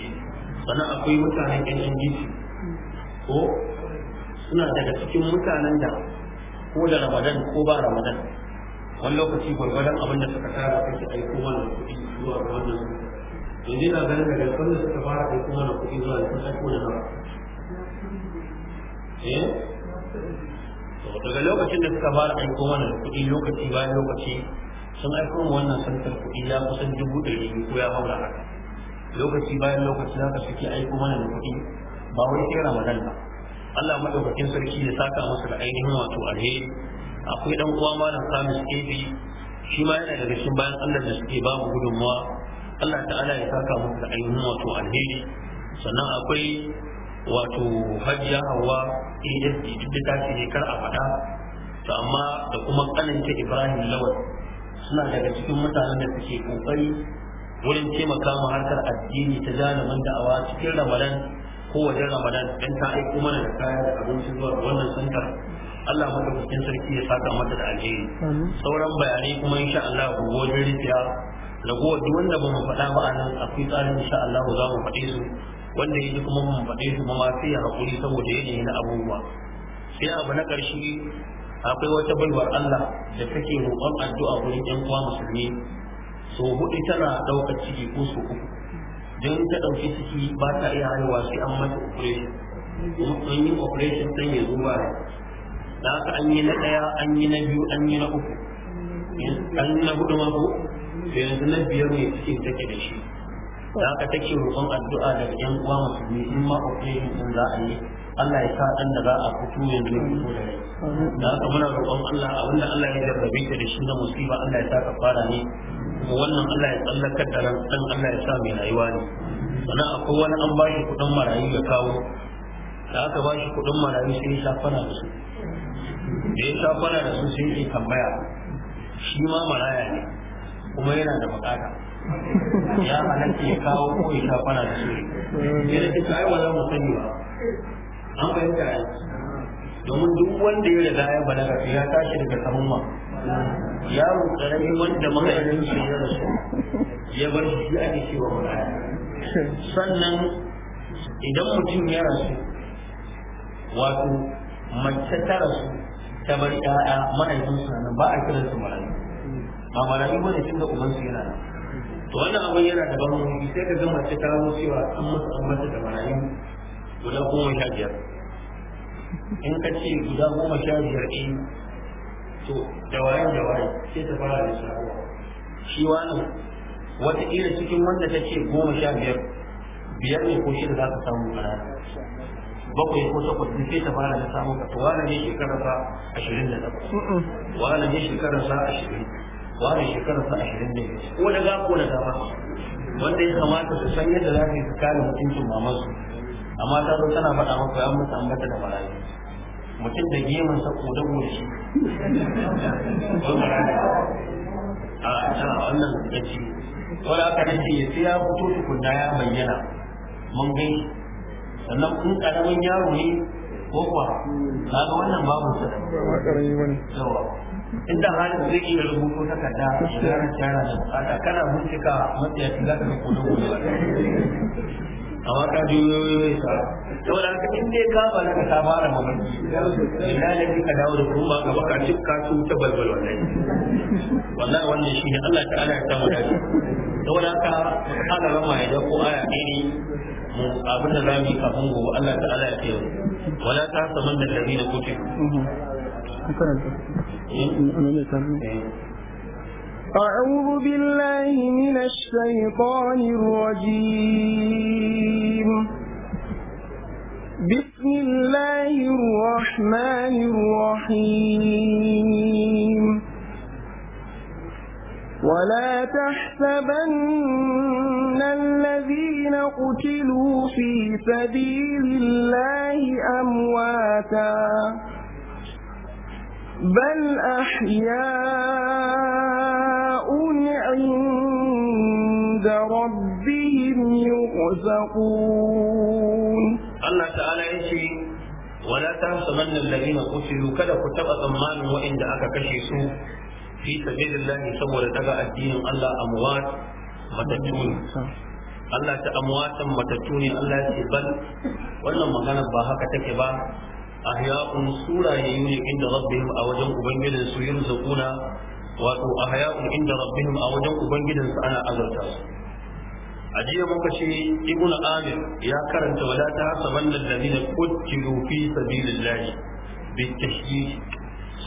sannan akwai mutanen yan ndc ko suna daga cikin mutanen da ko da ramadan ko ba ramadan wani lokaci gwargwadon abin da suka tara ke aiko mana kuɗi zuwa ga wannan yanzu na ganin daga da suka fara aiko mana kuɗi zuwa da sun aiko da nawa eh daga lokacin da suka fara aiko mana kuɗi lokaci bayan lokaci sun aiko wannan santar kuɗi ya kusan dubu ɗari ko ya haura haka lokaci bayan lokaci haka suke aiko mana da kuɗi ba wai sai ramadan ba Allah madaukakin sarki ya saka masa da ainihin wato alheri akwai dan uwa malam Kamis AB shi ma yana daga cikin bayan Allah da suke ba mu gudunmawa Allah ta'ala ya saka masa da ainihin wato alheri sannan akwai wato hajiya hawa asd duk da ce ne kar a faɗa to amma da kuma ƙaninta ibrahim lawal suna daga cikin mutanen da suke kokari wurin taimaka ma harkar addini ta man da'awa cikin ramadan ko wajen ramadan dan ta aiko mana da kaya da abinci zuwa wannan santar Allah madaukakin sarki ya saka mata da alheri sauran bayanai kuma insha Allah wajen rijiya ragowar duk wanda ba mu faɗa ba a nan akwai tsarin insha Allah za mu faɗe su wanda ya ji kuma mun faɗe shi kuma sai ya haƙuri saboda yanayi na abubuwa sai abu na ƙarshe akwai wata balwar Allah da take roƙon addu'a wurin ƴan uwa musulmi so hudu tana ɗaukar ciki ko so uku don ta ɗauki ciki ba ta iya haihuwa sai an mata operation in yi operation sai ya zo ba da haka an yi na ɗaya an yi na biyu an yi na uku an yi na hudu ma ko yanzu na biyar ne cikin take da shi da aka take roƙon addu'a da yan uwa musulmi in ma operation sun za a yi Allah ya sa ɗan da za a fito yanzu ya fito da rai da aka muna roƙon Allah abinda Allah ya jarrabe ta da shi na musiba Allah ya sa ka fara ne kuma wannan Allah ya tsallakar da ran ɗan Allah ya sa mai rayuwa ne sannan akwai wani an ba shi kuɗin marayu ya kawo da aka ba shi kuɗin marayu sai ya safara da su da ya safara da su sai ya tambaya shi ma maraya ne kuma yana da buƙata ya halatta ya kawo ko ya shafara da su ya da kika ai za mu sani ba an fahimta ai domin duk wanda ya riga ya balaga ya tashi daga samumma yaro karami wanda mahaifin shi ya rasu ya bar shi ya ne cewa mulaya sannan idan mutum ya rasu wato mace ta rasu ta bar 'ya'ya mahaifinsu nan ba a kiransu marayu ba marayu bane tun da ubansu yana nan to wannan abin yana da bambanci sai ka ga mace ta zo cewa an masa an masa da marayu guda goma sha biyar in ka ce guda goma sha biyar ɗin to da wayan da sai ta fara da shawarwa shi wani wata ira cikin wanda ta ce goma sha biyar biyar ne ko shi da za ka samu a bakwai ko takwas din sai ta fara da samun ka to wani ne shekarar sa ashirin da takwas wani ne shekarar sa ashirin wani shekarar sa ashirin ne? ko da ga ko da dama wanda ya kamata su san yadda za ka yi kare mutuncin mamansu amma ta zo tana faɗa maka ya mutu an bata da marayu mutum da gemun sa ko da goshi a tana wannan da wanda aka nace ya sai ya fito tukunna ya bayyana mun gai sannan kun karamin yaro ne ko kuwa ga wannan babu sa da inda halin zai iya rubuto takarda yaran yara da bukata kana bincika matsayaci za ka ga kodon gobe ba amma ka ji yoyoyi sa da haka in dai ka ba ka ta fara mafarki ina ne ka dawo da kuma ka baka ci ka su ta balbal wallahi wallahi wannan shine Allah ta'ala ya samu dace da haka ana rama ya ko aya ne mu abin da zamu yi kafin gobe Allah ta'ala ya ce wala ta saman da ladina kutifu أعوذ بالله من الشيطان الرجيم بسم الله الرحمن الرحيم ولا تحسبن الذين قتلوا في سبيل الله أمواتاً بل أحياء عند ربهم يرزقون الله تعالى يشي ولا تحسبن الذين قتلوا كذا كتب ثمان وإن دعك كشيسو في سبيل الله سور لتقى الدين الله أموات متتون الله ta amwatan matattu ne Allah كانت ce bal ahya'un surayayyu ne inda rabbihim a wajen ubangijin su yurzaquna wato ahya'un inda rabbihim a wajen ubangijin su ana azurta su a jiya muka ce ibnu amir ya karanta wala ta hasabanna alladhina qutilu fi sabilillahi bitashyish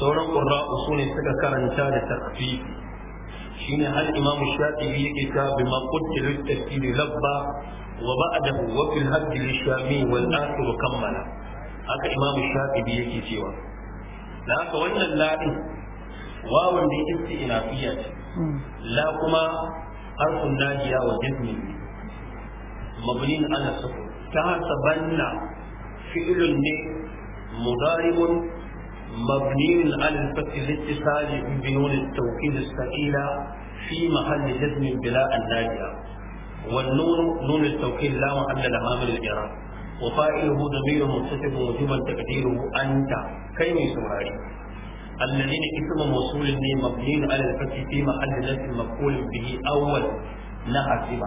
sauran qurra'u sune suka karanta da takfif shine hal imam shafi'i yake ta bima qutilu tafsir labba wa ba'dahu wa fil hadd lishami wal akhir kammala haka imamu shafi'i yake cewa da haka wannan la'in wawan da yake inafiya ce la kuma harfun najiya wa jazmi mabnin ala sukun ta banna fi'lun ne mudaribun مبني على الفتح tauki بنون التوكيد da في محل جزم بلا الناجية والنون نون التوكيد لا محل لها من الإعراب وفائله ضمير متصف وجوبا تقديره أنت كيف سوراري الذين اسم موصول مبني على الفتح في محل نفس مفعول به أول نحسب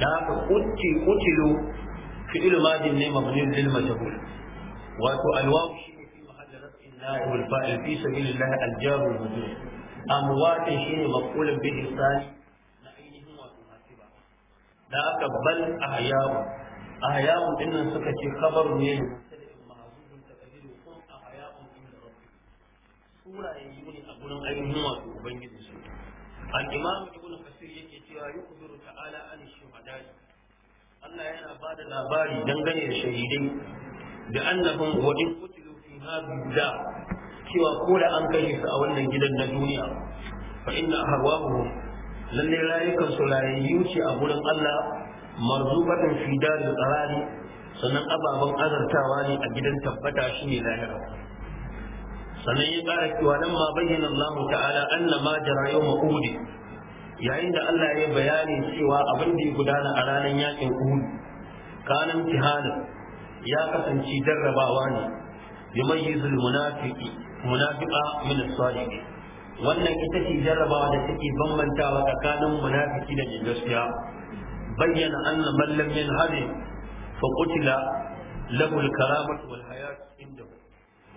ذاك قتلوا فعل ماضي مبني للمجهول وأتوا الواو في محل رفع النائب والفاعل في سبيل الله الجار والمجهول أموات شيء مفعول به الثاني نعينهم وتناسبا ذاك بل أحياء ahyabu dinnan suka ce kabaru ne surayayyu ne a gurin ainihin wato ubangiji su al-imam ibn kasir yake cewa yukbiru ta'ala an shuhada Allah yana ba da labari dangane da shahidai da annabin wa in kutilu fi hadhihi da cewa ko da an kashe su a wannan gidan na duniya fa inna ahwahum lalle rayukan su rayayyu ce a gurin Allah marzubatan fi daril tsarari sannan ababen azartawa ne a gidan tabbata ne lahira sannan ya ƙara cewa nan ma bayyana Allah ta'ala anna ma jara yawma uhud yayin da Allah ya bayani cewa abin da ya gudana a ranar yakin uhud kanan tihana ya kasance jarrabawa ne yumayyizu munafiqi munafiqa min as-sadiqi wannan ita ce jarrabawa da take bambantawa tsakanin munafiki da mai gaskiya bayyana anna man lam yanhadi fa qutila karamatu wal hayat indahu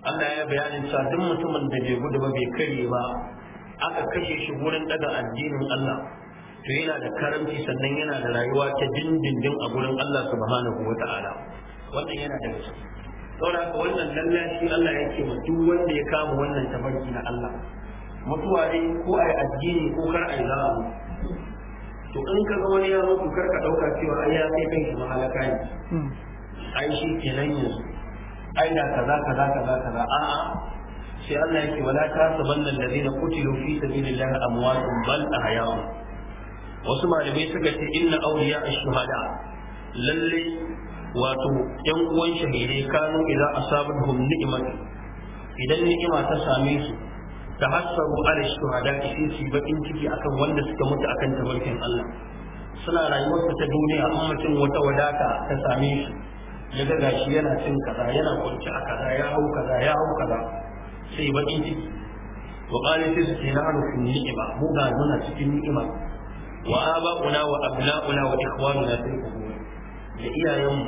Allah ya bayanin cewa duk mutumin da bai gudu ba bai kare ba aka kashe shi wurin daga addinin Allah to yana da karamci sannan yana da rayuwa ta dindindin a gurin Allah subhanahu wa ta'ala wannan yana da ciki saboda wannan lallashi Allah yake wa duk wanda ya kama wannan tafarki na Allah mutuwa ko ayi addini ko kar ai to in ka ga wani yaro mutu kar ka dauka cewa ai ya kai kan shi mahalaka ne hmm. ai shi kenan yanzu ai da kaza kaza kaza kaza a'a sai Allah yake wala tasabanna alladhina qutilu fi sabilillahi amwatun bal ahya'un wasu malamai suka ce inna awliya ash-shuhada lalle wato yan uwan shahidai kanu idan asabatuhum ni'mat idan ni'ima ta same su tahassaru ala shuhada sai su bakin ciki akan wanda suka mutu akan tabarkin Allah suna rayuwar su ta duniya amma mutum wata wadata ta same shi daga gashi yana cin kaza yana kwanci a kaza ya hau kaza ya hau kaza sai bakin ciki wa qala sai su ce na hanu fi ni'ima mu ga muna cikin ni'ima wa aba'una wa abna'una wa ikhwanuna fil qubur da iyayenmu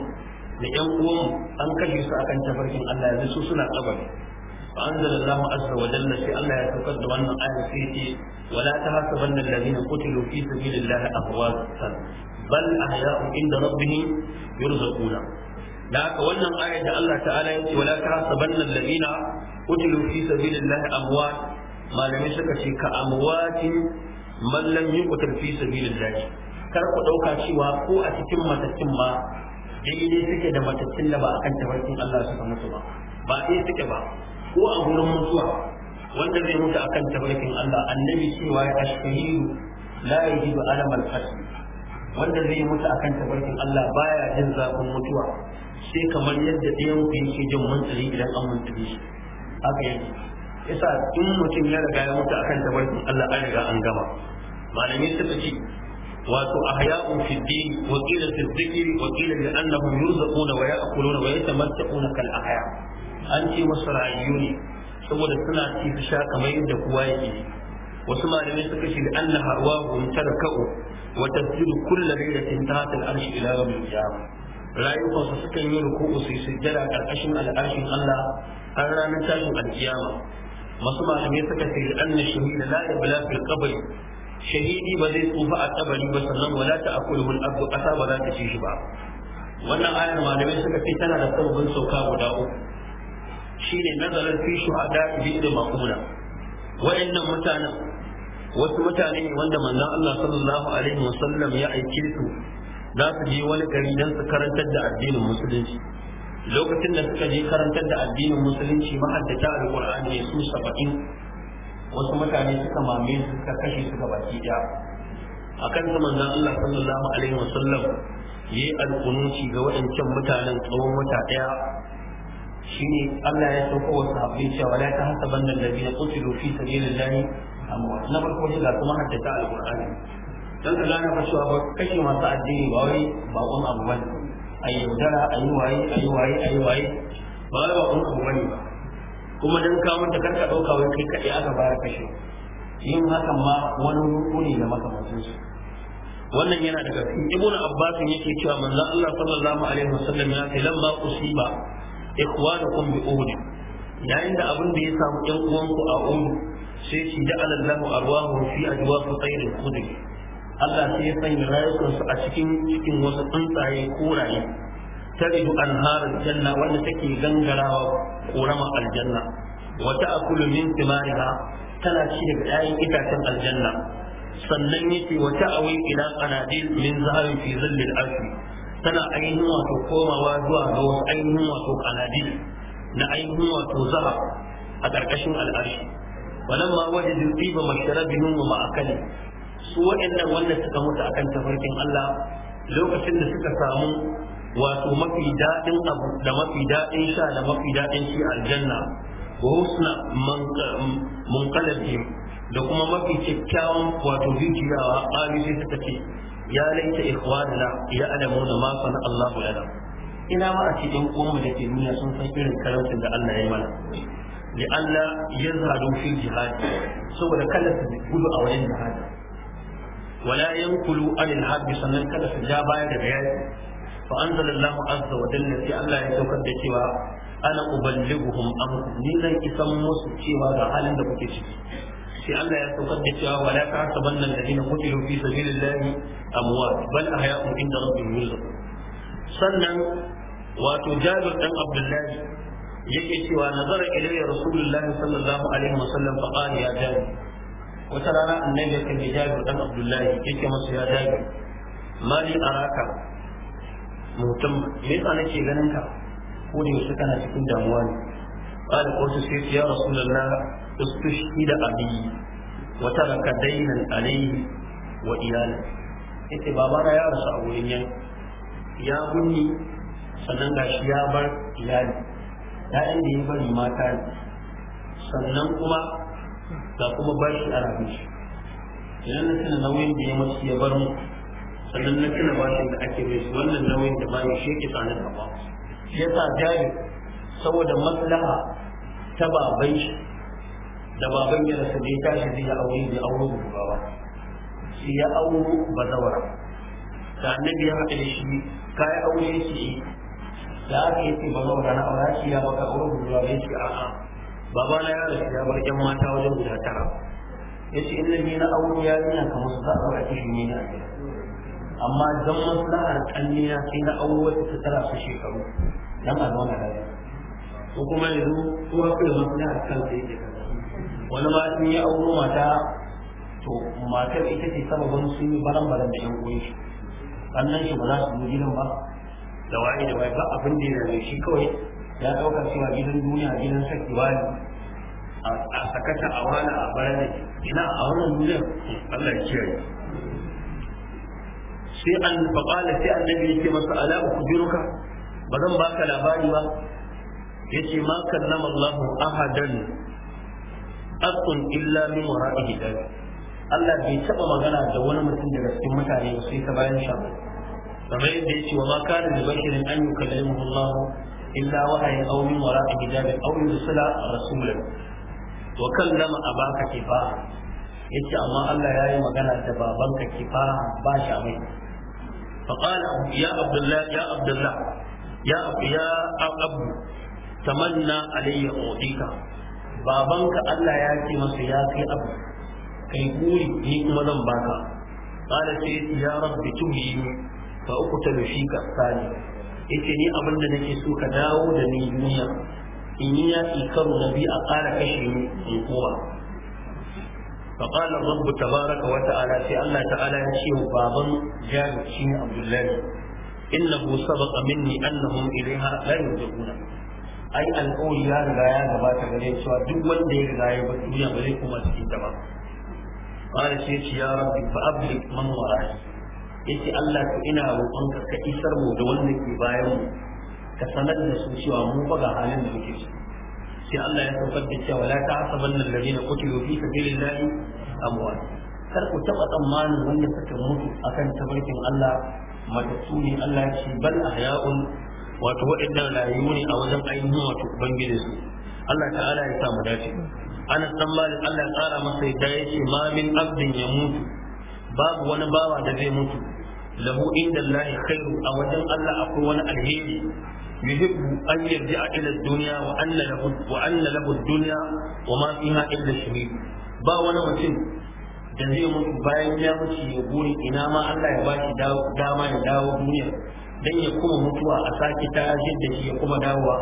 da yan uwanmu an kashe su akan tabarkin Allah yanzu su suna kabari fa anzalallahu azza wa jalla sai Allah ya saukar da wannan ayar sai ce wala tahsabanna alladhina qutilu fi sabilillahi amwatan bal ahya'un inda rabbihim yurzaquna da haka wannan ayar da Allah ta'ala ya ce wala tahsabanna alladhina qutilu fi sabilillahi amwat malamai suka ce ka amwatin man lam yuqtal fi kar ku cewa ko a cikin matattun ma daidai suke da matattun da ba akan tafarkin Allah suka mutu ba ba ɗaya suke ba ko a gurin mutuwa wanda zai mutu akan tabarkin Allah annabi cewa ya ashhidu la yajidu alam al-qasr wanda zai mutu akan tabarkin Allah baya jin zafin mutuwa sai kamar yadda ɗayan ku yake jin muntsari idan an muntsari shi haka yake yasa in mutum ya riga ya mutu akan tabarkin Allah an riga an gama malamai suka ce wato ahya'un fi din wa qila fi dhikri wa qila li annahum yurzaquna wa ya'kuluna wa yatamatta'una kal ahya' an ce wasu rayu ne saboda suna ci su sha kamar yadda kowa yake wasu malamai suka ce da annaha arwahum wata tsiru, kulla kullu lailatin tahta al-arshi ila yawm al-qiyamah rayukan su sukan yi ruku'u su sujjada ƙarƙashin al'arshin Allah har ranar tashin al-qiyama wasu malamai suka ce da anna da la yabla fil qabr shahidi ba zai tsufa a kabari ba sannan wala ta'kuluhu al-ardu qasa ba za ta ci shi ba wannan ayar malamai suka ce tana da sabbin sauka guda uku shine nazarin fi shuhada bi da maqula wayannan mutanen wasu mutane ne wanda manzon Allah sallallahu alaihi wasallam ya aike su za su je wani gari dan su karantar da addinin musulunci lokacin da suka je karantar da addinin musulunci mahaddata alqur'ani ne su 70 wasu mutane suka mame su suka kashe su baki daya akan sa manzon Allah sallallahu alaihi wasallam yi alqunuci ga wayancan mutanen tsawon wata daya shine Allah ya sauko wa sahabbai cewa la ta hasabanna alladhina qutilu fi sabilillahi amwat na farko shi ga kuma haddata alqur'ani dan Allah na fashewa ba kashe masu addini ba wai bakon abu bane a yaudara a yi waye a yi waye a yi waye ba wai bakon abu bane ba kuma dan kawo da karka dauka wai kai kadai aka fara kashe yin hakan ma wani ruku ne da su. wannan yana daga cikin ibnu abbas yake cewa manzon Allah sallallahu alaihi wasallam ya ce lamma usiba kuwa ikhwanukum bi uhud yayin da abin da ya samu 'yan uwanku a uhud sai shi da alallahu arwahu fi ajwaq tayr al-khud Allah sai ya sanya rayukansu a cikin cikin wasu tsuntsaye koraye tajidu anharan janna wanda take gangarawa kurama aljanna wa ta'kulu min thimariha tana ci daga ƴaƴan itacen aljanna sannan yake wa ta'awi ila qanadil min zahabin fi zillil arsh tana ainihin wato komawa zuwa ga wasu ainihin wato kanadi na ainihin wato zaha a ƙarƙashin al'arshi wannan ma waje jirgi ba masharabinin wa ma'akali su waɗannan wanda suka mutu a kan tafarkin Allah lokacin da suka samu wato mafi daɗin abu da mafi daɗin sha da mafi daɗin shi aljanna wa husna munqalabihim da kuma mafi kyakkyawan wato zuciyawa ɓari sai suka ce ya laita ikhwanuna ya alamu da ma sana Allah lana ina ma a cikin uwanmu da ke duniya sun san irin karancin da Allah ya yi mana saboda su a wajen jihad ولا ينقلوا عن الحرب sannan kada su ja baya daga yaki fa anzalallahu azza wa Allah ya saukar da cewa ana uballighuhum amr ni zan cewa ga halin da kuke ciki sai Allah ya saukar da cewa wala ta sabanna alladhina qutilu fi sabilillahi amwat bal ahya'un inda rabbihim yurzaqun sannan wato Jabir dan Abdullahi yake cewa nazara ilayya rasulullahi sallallahu alaihi wasallam fa qala ya Jabir wata rana annabi ya kalli Jabir dan Abdullahi yake masa ya Jabir mali araka mutum me yasa nake ganin ka ko da yake kana cikin damuwa ne qala qultu sai ya rasulullah استشهد أبي وترك دينا عليه وإياله yace babana ya rasu a wurin yan ya gunni sannan gashi ya bar iyali ya'yan da ya bari mata ne sannan kuma ga kuma bashi a shi idan na tuna nauyin ya masu sannan na tuna bashin da ake mai su, wannan nauyin da bayan shi yake tsanin gaba shi yasa jari saboda maslaha ta baban shi da baban ya rasu da ya tashi zai aure da aure gurbawa sai ya auro ba da annabi ya haɗa shi kayan aure ya da aka yi ce bazawara na aure shi ya baka aure gurbawa ya ce a'a babana ya rasu ya bar ƴan mata wajen guda tara ya ce ina ni na aure ya nuna kamar su za a ɗaura kishin ne na amma don maslahar ƙannina sai na aure wata ta tara su shekaru dan a zauna da ko kuma yanzu ko haka maslahar kansa yake kan wani ma in ya auro mata to matar ita ce sababin sun yi baran baran da yan uwan shi ba za su yi gidan ba da waye da waye ba abin da ya rame shi kawai ya ɗaukar cewa gidan duniya gidan sakewa ne a sakata a wani a bayan ina a wannan duniyar Allah ya kiyaye sai an faƙala sai annabi yake masa ala ukhbiruka ba zan baka labari ba yace ma kallama Allahu ahadan haqqun illa min wara'i hijab Allah bai taba magana da wani mutum daga cikin mutane ba sai ta bayan sha kamar yadda yake wa ma kana li basharin an yukallimuhu Allah illa wahayin aw min wara'i hijab aw yursala rasulan wa kallama abaka kifaha yace amma Allah ya yi magana da babanka kifaha ba shi a mai فقال يا عبد الله يا عبد الله يا يا عبد تمنى علي أعطيك babanka Allah ya ce masa ya kai abu kai buri ni kuma zan baka qala sai ya rabbi tuhi fa uqtalu fi Sani. yace ni abin da nake so ka dawo da ni duniya in yi yaƙi karo na biyu a ƙara kashe ni in koma فقال الرب تبارك وتعالى في الله تعالى يشيه بابا جاب شين عبد الله إنه سبق مني أنهم إليها لا يرجعون ai alƙawari ya riga ya gabata gare cewa duk wanda ya riga ya bar duniya ba zai koma cikin ta ba qala sai ce ya rabbi fa ablik man warai yace Allah to ina roƙonka ka isar mu da wanda ke bayan mu ka sanar da su cewa mu fa ga halin da muke ciki sai Allah ya saukar da cewa la ta'sabanna alladhina qutilu fi sabilillahi amwat kar ku taba tsammanin wanda suka mutu akan tabarkin Allah matattu ne Allah ya ce bal ahya'un wato waɗannan rayu ne a wajen ainihin wato ubangiji su Allah ta'ala ya sa mu dace Anas dan Malik Allah ya tsara masa yadda ce ma min abdin ya mutu babu wani bawa da zai mutu lahu inda Allah khairu a wajen Allah akwai wani alheri an يحب أن يرجع إلى الدنيا وأن له وأن له wa وما فيها إلا shiri. ba wani mutum da zai mutu bayan ya mutu ya buri ina ma Allah ya bashi dama ya dawo duniya dan ya kuma mutuwa a sake ta da shi ya kuma dawowa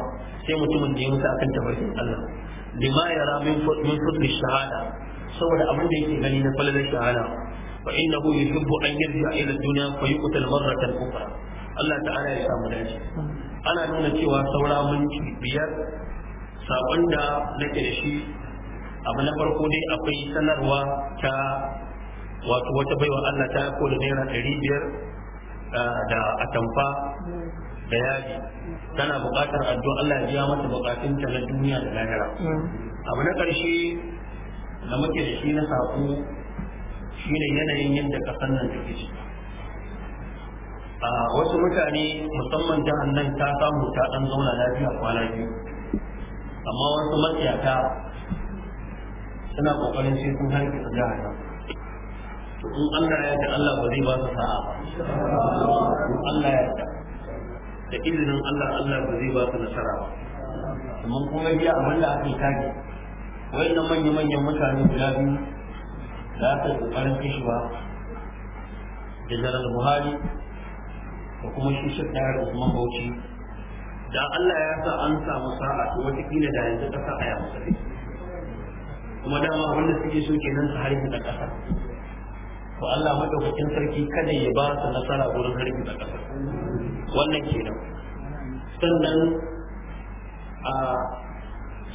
sai mutumin da ya mutu akan tabarkin Allah lima yara min min fadli shahada saboda abin da yake gani na falala shahada fa innahu yuhibbu an yarji'a ila dunya fa yuqtal marratan ukhra Allah ta'ala ya samu dace ana nuna cewa saura mun biyar sabon da nake da shi abu na farko dai akwai sanarwa ta wato wata baiwa Allah ta da naira ɗari biyar da atamfa da yaji tana buƙatar addu'a Allah ya biya mata ta na duniya da lahira abu na ƙarshe da muke da shi na saƙo shine yanayin yadda ƙasar nan take ciki a wasu mutane musamman jihar nan ta samu ta ɗan zauna lafiya kwana biyu amma wasu matsiyata suna ƙoƙarin sai sun harkisa jihar nan in Allah ya ta Allah ba zai ba su sa'a ba in Allah ya ta da izinin Allah Allah ba zai ba su nasara ba amma kuma biya abin da aka yi tage wayannan manya-manyan mutane guda biyu da aka yi ƙoƙarin ba. da jarar buhari da kuma shi shi yar usman bauchi da Allah ya sa an samu sa'a to kila da yanzu ƙasa a yamu kuma dama wanda suke so kenan su harbi da ƙasa to Allah madaukakin sarki kada ya ba su nasara wurin harbi da ƙasa wannan kenan sannan a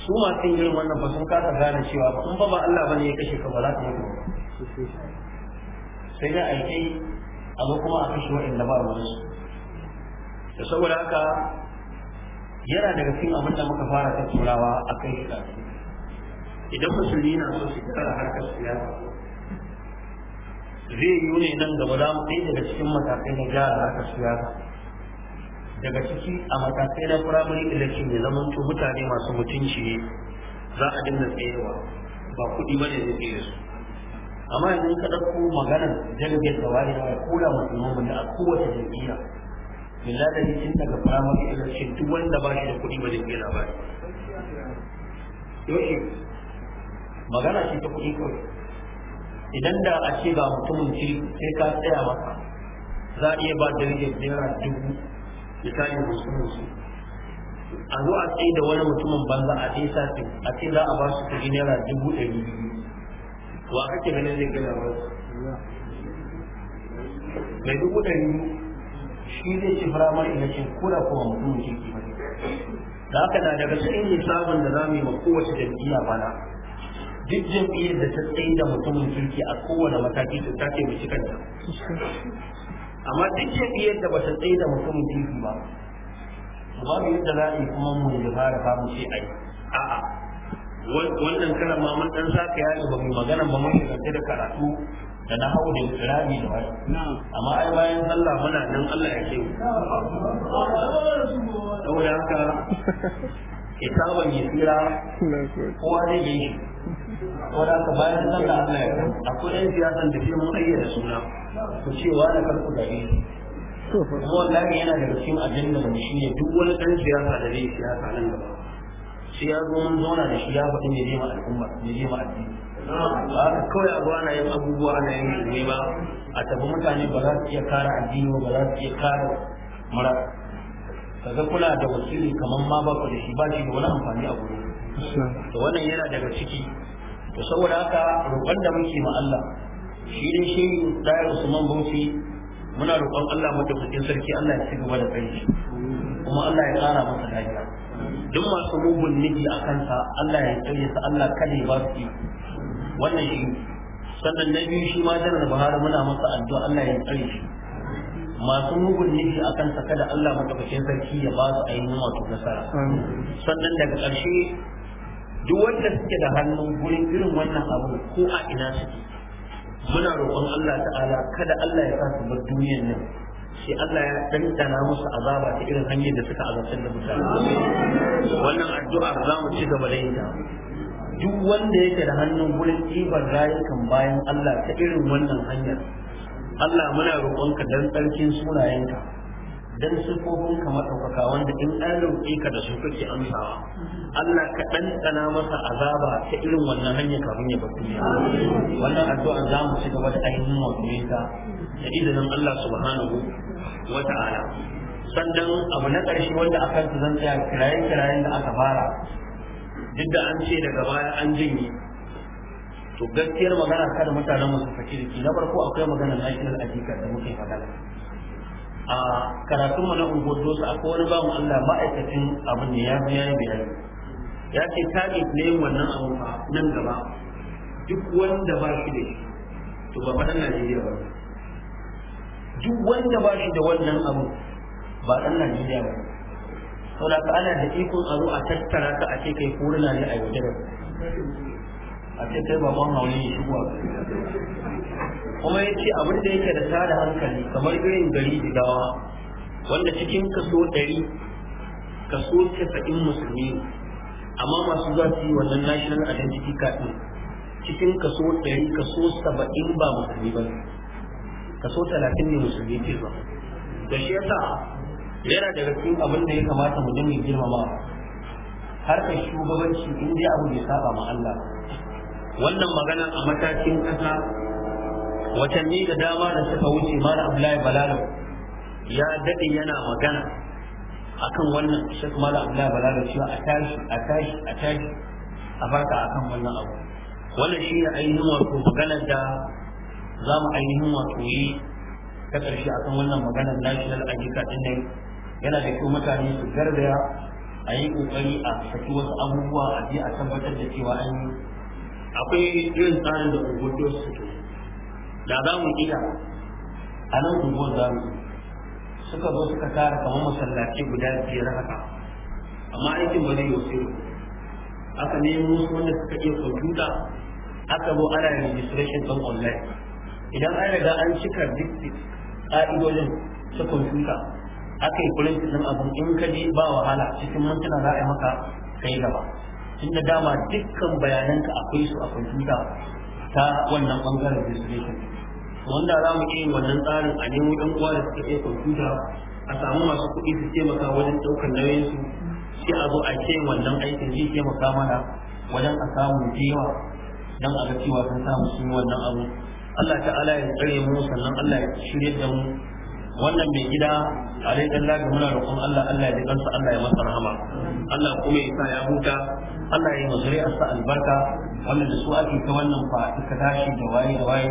su masu irin wannan ba sun kasa gane cewa ba in ba ba Allah bane ya kashe ka ba za ka mutu sai da aiki abu kuma a kashe wa'anda ba wani su da saboda haka yana daga cikin abin da muka fara tattaunawa a kai shi idan musulmi na so su kara harkar siyasa zai yi ne nan gaba za mu ɗaya daga cikin matakai na gyara haka siyasa daga ciki a matakai na firamare election ya zama to mutane masu mutunci za a dinga tsayewa ba kuɗi ba ne zai tsaye su amma yanzu ka ɗauko maganar jirgin da wani ya kula musulman da a kowace jam'iyya billahi da tun daga firamare election duk wanda ba shi da kuɗi ba zai tsaye ba yau magana ce ta kuɗi kawai idan da a ce ba mutumin ci sai ka tsaya masa za a iya ba da rike naira dubu ya tashi musu musu a zo a tsaye da wani mutumin banza a ɗaya sati a ce za a ba su kuɗi naira dubu ɗari biyu wa kake ganin zai gina ba mai dubu ɗari shi zai ci firamar ina ce ko kuma mutumin kirki ba da haka na daga cikin sabon da za mu yi ma kowace jam'iyya bana duk jam'iyyar da ta tsaye da mutumin kirki a kowane mataki to ta ce mu shiga da amma duk jam'iyyar da bata tsaye da mutumin kirki ba mu yadda za a yi kuma mu yi fara samun shi ai a'a wannan kana ma mun dan zaka yayi ba mu magana ba mun kanta da karatu da na hau da rabi da wani amma ai bayan sallah muna nan Allah ya ce saboda haka kitabun yasira kowa zai yi wanda aka bayan sallah Allah ya kai akwai yan siyasan da ke mun ayyana suna ku ce wa na karku gari kuma wallahi yana daga cikin ajandar mu shine duk wani ɗan siyasa da zai siyasa nan gaba sai ya zo mun zauna da shi ya faɗi ne je ma al'umma ne je ma addini ba haka kawai abu na yin abubuwa ana yin shirme ba a tafi mutane ba za su iya kare addini ba za su iya kare mura kaga kuna da wakili kamar ma ba ku da shi ba shi da wani amfani a gurin to wannan yana daga ciki to saboda haka roƙon da muke ma Allah shi dai shi dai Usman Bauchi muna roƙon Allah madaukakin sarki Allah ya ci gaba da kai kuma Allah ya ƙara masa lafiya duk masu mugun niji a kansa Allah ya tsare sa Allah kada ya ba su wannan shi sannan na biyu shi ma janar Buhari muna masa addu'a Allah ya tsare shi masu mugun nufi a kansa kada Allah madaukakin sarki ya ba su ainihin wato nasara sannan daga ƙarshe duk wanda suke da hannu gurin irin wannan abu ko a ina suke muna roƙon Allah ta'ala kada Allah ya sa bar duniyar nan sai Allah ya dandana musu azaba ta irin hanyar da suka azabtar da mutane wannan addu'a za mu ci gaba da yin ta duk wanda yake da hannun gurin ɗiban rayukan bayan Allah ta irin wannan hanyar Allah muna ka dan tsarkin sunayenka dan sifofin ka madaukaka wanda in an roƙe ka da su kake amsawa Allah ka tsana masa azaba ta irin wannan hanya kafin ya bar duniya wannan addu'a za mu ci gaba da ainihin maudu'in ta da izinin Allah subhanahu wa ta'ala sannan abu na ƙarshe wanda akan su zan tsaya kirayen-kirayen da aka fara duk da an ce daga baya an janye to gaskiyar magana kada mutanen su da fakirki na farko akwai magana national ajikar da muke magana a karatun mu na ungoto su akwai wani bawan Allah ma'aikacin abin ne ya fi yayi bayani ya ce ta ne wannan abu nan gaba duk wanda ba shi da shi to ba faɗan Najeriya ba duk wanda ba shi da wannan abu ba dan Najeriya ba da ka ana da ikon a zo a tattara ka a ce kai kuruna ne a yau da a ce kai ba ma hauli ne shi kuma ya ce abin da yake da tada hankali kamar irin gari jigawa wanda cikin kaso ɗari kaso casa'in musulmi amma masu za su yi wannan national identity card ɗin cikin kaso ɗari kaso saba'in ba musulmi ba kaso talatin ne musulmi ce ba da shi yasa yana daga cikin abin da ya kamata mu dinga girmama harkar shugabanci in dai abu bai saba ma Allah wannan magana a matakin ƙasa watanni da dama da suka wuce mala abdullahi balalo ya daɗe yana magana akan wannan shek mala abdullahi balalo cewa a tashi a tashi a tashi a farka akan wannan abu wannan shi ne ainihin wato maganar da za mu ainihin wato yi ta ƙarshe akan wannan maganar national ajika ɗin nan yana da kyau mutane su gargaya a yi ƙoƙari a saki wasu abubuwa a je a tabbatar da cewa an akwai irin tsarin da unguwar su ke da za mu gida a nan unguwar za mu suka zo suka tara kamar masallaci guda biyar haka amma aikin ba zai yi wasu aka nemo su wanda suka iya kwamfuta aka zo ana registration ɗan online idan an riga an cika duk ƙa'idojin ta kwamfuta aka yi kulin ɗin abin in ka je ba wahala cikin mantuna za a yi maka kai gaba tunda dama dukkan bayananka akwai su a kwamfuta ta wannan bangaren distribution wanda za mu yi wannan tsarin a nemo ɗan uwa da suka iya kwamfuta a samu masu kuɗi su taimaka wajen ɗaukar nauyinsu sai a zo a ce wannan aikin zai taimaka mana wajen a samu jiwa don a ga cewa sun samu sun wannan abu Allah ta'ala ya tsare mu sannan Allah ya shirye da mu wannan mai gida alai dallahi muna roƙon Allah Allah ya jikansa Allah ya masa rahama Allah kuma ya sa ya huta Allah ya mazuri asa albarka wannan da su ake ta wannan fa ka tashi da waye da waye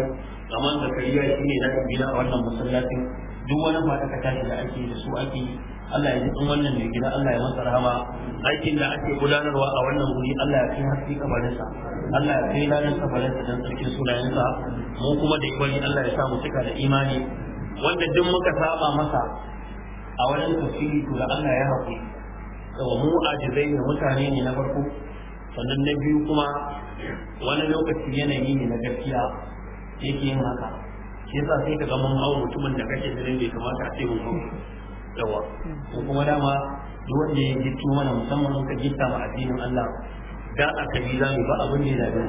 kamar da kariya shine na gida a wannan masallacin duk wani fa ka tashi da ake da su ake Allah ya ji wannan mai gida Allah ya masa rahama aikin da ake gudanarwa a wannan guri Allah ya kai haske kabarinsa Allah ya kai ranar kabarinsa don tsarkin sunayensa mu kuma da ikwani Allah ya samu cika da imani wanda duk muka saba masa a wajen tafsiri to da Allah ya haƙuri to mu ajizai ne mutane ne na farko sannan na biyu kuma wani lokaci yanayi ne na gaskiya yake yin haka shi yasa sai ka ga mun hawo mutumin da kake ganin bai kamata a ce mun hawo yawa ko kuma dama duk wanda ya gitto mana musamman ka gitta ma addinin Allah da aka yi zamu ba abin ne labin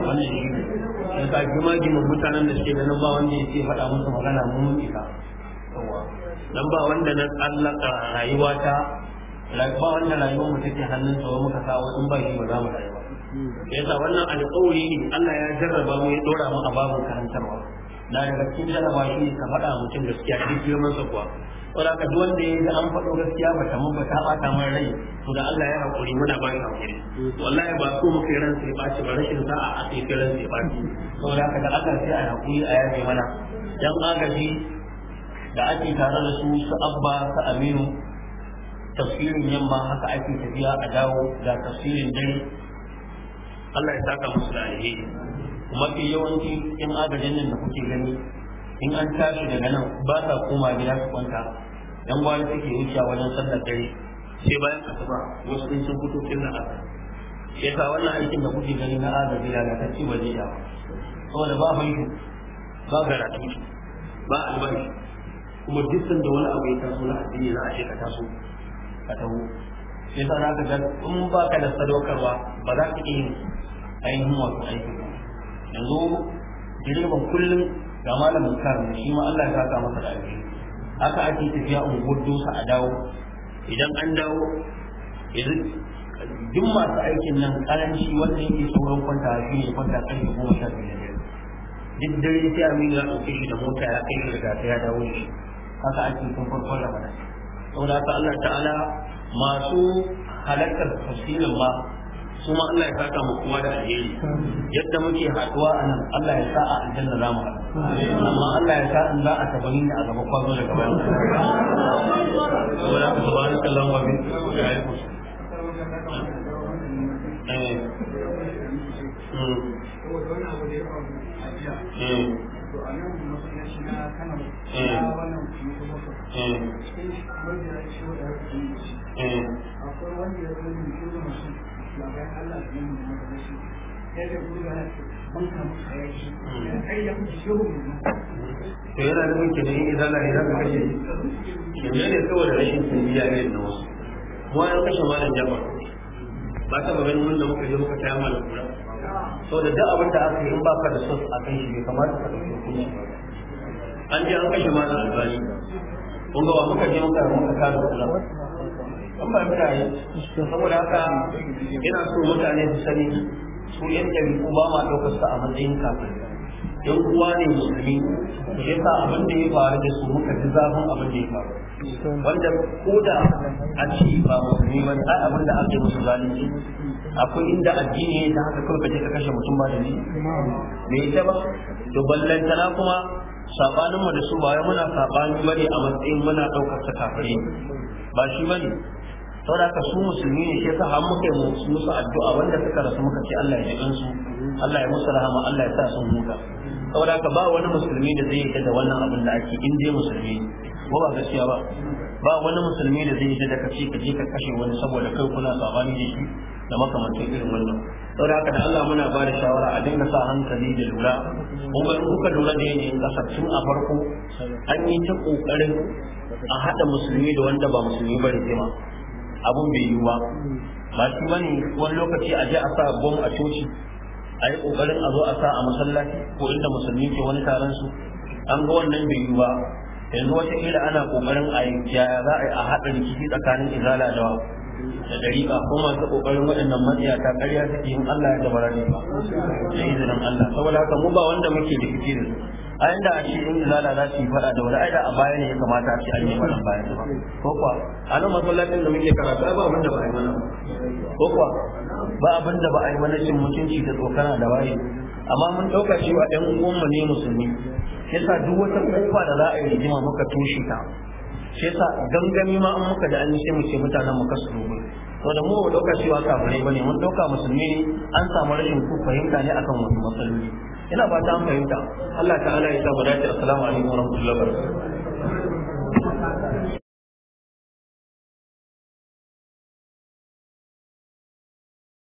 wannan shi ne in ka gima gima mutanen da suke nan ba wanda ya ce faɗa musu magana mun isa dan ba wanda na tsallaka rayuwata ba wanda rayuwar mu take hannun sa muka kawo in ba shi ba za mu rayuwa yasa wannan alƙawari ne Allah ya jarraba mu ya dora mu a babin karantarwa na daga cikin jarraba shi ka faɗa mutum gaskiya duk girman sa kuwa wala ka wanda ya da an faɗo gaskiya ba ta mun ba ta bata mun rai to da Allah ya hakuri muna ba ka hakuri wallahi ba ko mu kiran sai ba ci ba rashin sa'a a sai kiran sai ba ci saboda ka da Allah sai a hakuri a yaje mana dan agaji da ake tare da su su abba su aminu tafsirin yamma haka ake tafiya a dawo ga tafsirin dare Allah ya saka musu da alheri kuma yawanci in agajin nan da kuke gani in an tashi daga nan ba sa koma gida su kwanta yan gwani suke wucewa wajen sallar dare sai bayan asuba wasu sun sun fito kin nan sai ka wannan aikin da kuke gani na azabi da ta ci ba zai yawa saboda ba haihu ba garatu ba albashi kuma duk da wani abu ya taso na addini za a shekata ka taso ka taho sai sa zaka ga in ba ka da sadaukarwa ba za ka iya yin ainihin wasu aiki yanzu direban kullum ga malamin karin shi ma Allah ya sa masa da haka ake tafiya unguwar dosa a dawo idan an dawo idan duk masu aikin nan karanci wanda yake sauran kwanta shi ne kwanta karfe goma sha biyu da duk dare sai amin ya ɗauke shi da mota ya kai shi daga ya dawo shi haka ake tun farkon ramadan saboda haka Allah ta'ala masu halartar tafsirin ma su Allah ya saka mu kowa da alheri yadda muke haduwa a nan Allah ya sa a aljanna za mu amma Allah ya sa in za a tabani ne a gaba kwazo da gaba wala subhanaka allahumma wa bihamdika eh akwai hmm. wanda hmm. hmm. to yana da muke ne idan Allah ya zaka kashe shi ne saboda rashin tarbiyya ne na wasu mu an kashe malam jaba ba ta ba ganin wanda muka je muka taya malam kura saboda duk abin da aka yi in baka da sos a shi bai kamata ka dauki hukunci an je an kashe malam albani kun ga muka je muka muka kada kullum an ba mu dai saboda haka ina so mutane su sani su yan dabi'u ba ma daukar sa a matsayin kafin yan uwa ne musulmi to yasa abin da ya faru da su muka ji zafin abin da ya faru wanda ko da a ci ba musulmi ba ai abin da ake musu zalunci akwai inda addini ne ta haka kawai ka kashe mutum ba da ni bai ita ba to ballantana kuma sabanin mu da su ba muna sabani bane a matsayin muna daukar ta kafiri ba shi bane saboda ka su musulmi ne shi ta har muka yi musu addu'a wanda suka rasu muka ce Allah ya ji su Allah ya musu rahama Allah ya sa sun huta saboda ka ba wani musulmi da zai yi da wannan abin da ake in dai musulmi ko ba gaskiya ba ba wani musulmi da zai yi da kace ka je ka kashe wani saboda kai kuna sabani da shi da makamantan irin wannan saboda haka da Allah muna ba da shawara a dinga sa hankali da lura kuma in kuka lura da yanayin kasar tun a farko an yi ta kokarin a haɗa musulmi da wanda ba musulmi ba da zima abun bai yi ba ba shi bane wani lokaci a je a sa bom a coci a yi kokarin a zo a sa a masallaci ko inda musulmi ke wani taron su an ga wannan bai yi ba yanzu wata ila ana kokarin a yi yaya za a yi a haɗa rikici tsakanin izala da wa. da dariƙa ko masu ƙoƙarin waɗannan matsiya ta ƙarya su yin Allah ya gabara ne ba da izinin Allah saboda haka mu ba wanda muke da fice da su a inda a ce in lala za su yi faɗa da wani ai da a baya ne ya kamata a ce an yi faɗan bayan ba ko kuwa a nan masallacin da muke karatu ba abin da ba a yi mana ko kuwa ba abin da ba a yi mana cin mutunci da tsokana da waye amma mun ɗauka cewa ɗan uwanmu ne musulmi yasa duk wata ƙofa da za a yi rigima muka toshe ta shi yasa gangami ma an muka da an sai mu ce mutanen mu kasu to wanda mu wa cewa kafirai bane mun doka musulmi an samu rashin ku fahimta ne akan wasu matsaloli ina ba ta fahimta Allah ta'ala ya sa mu dace assalamu alaikum wa rahmatullahi wa barakatuh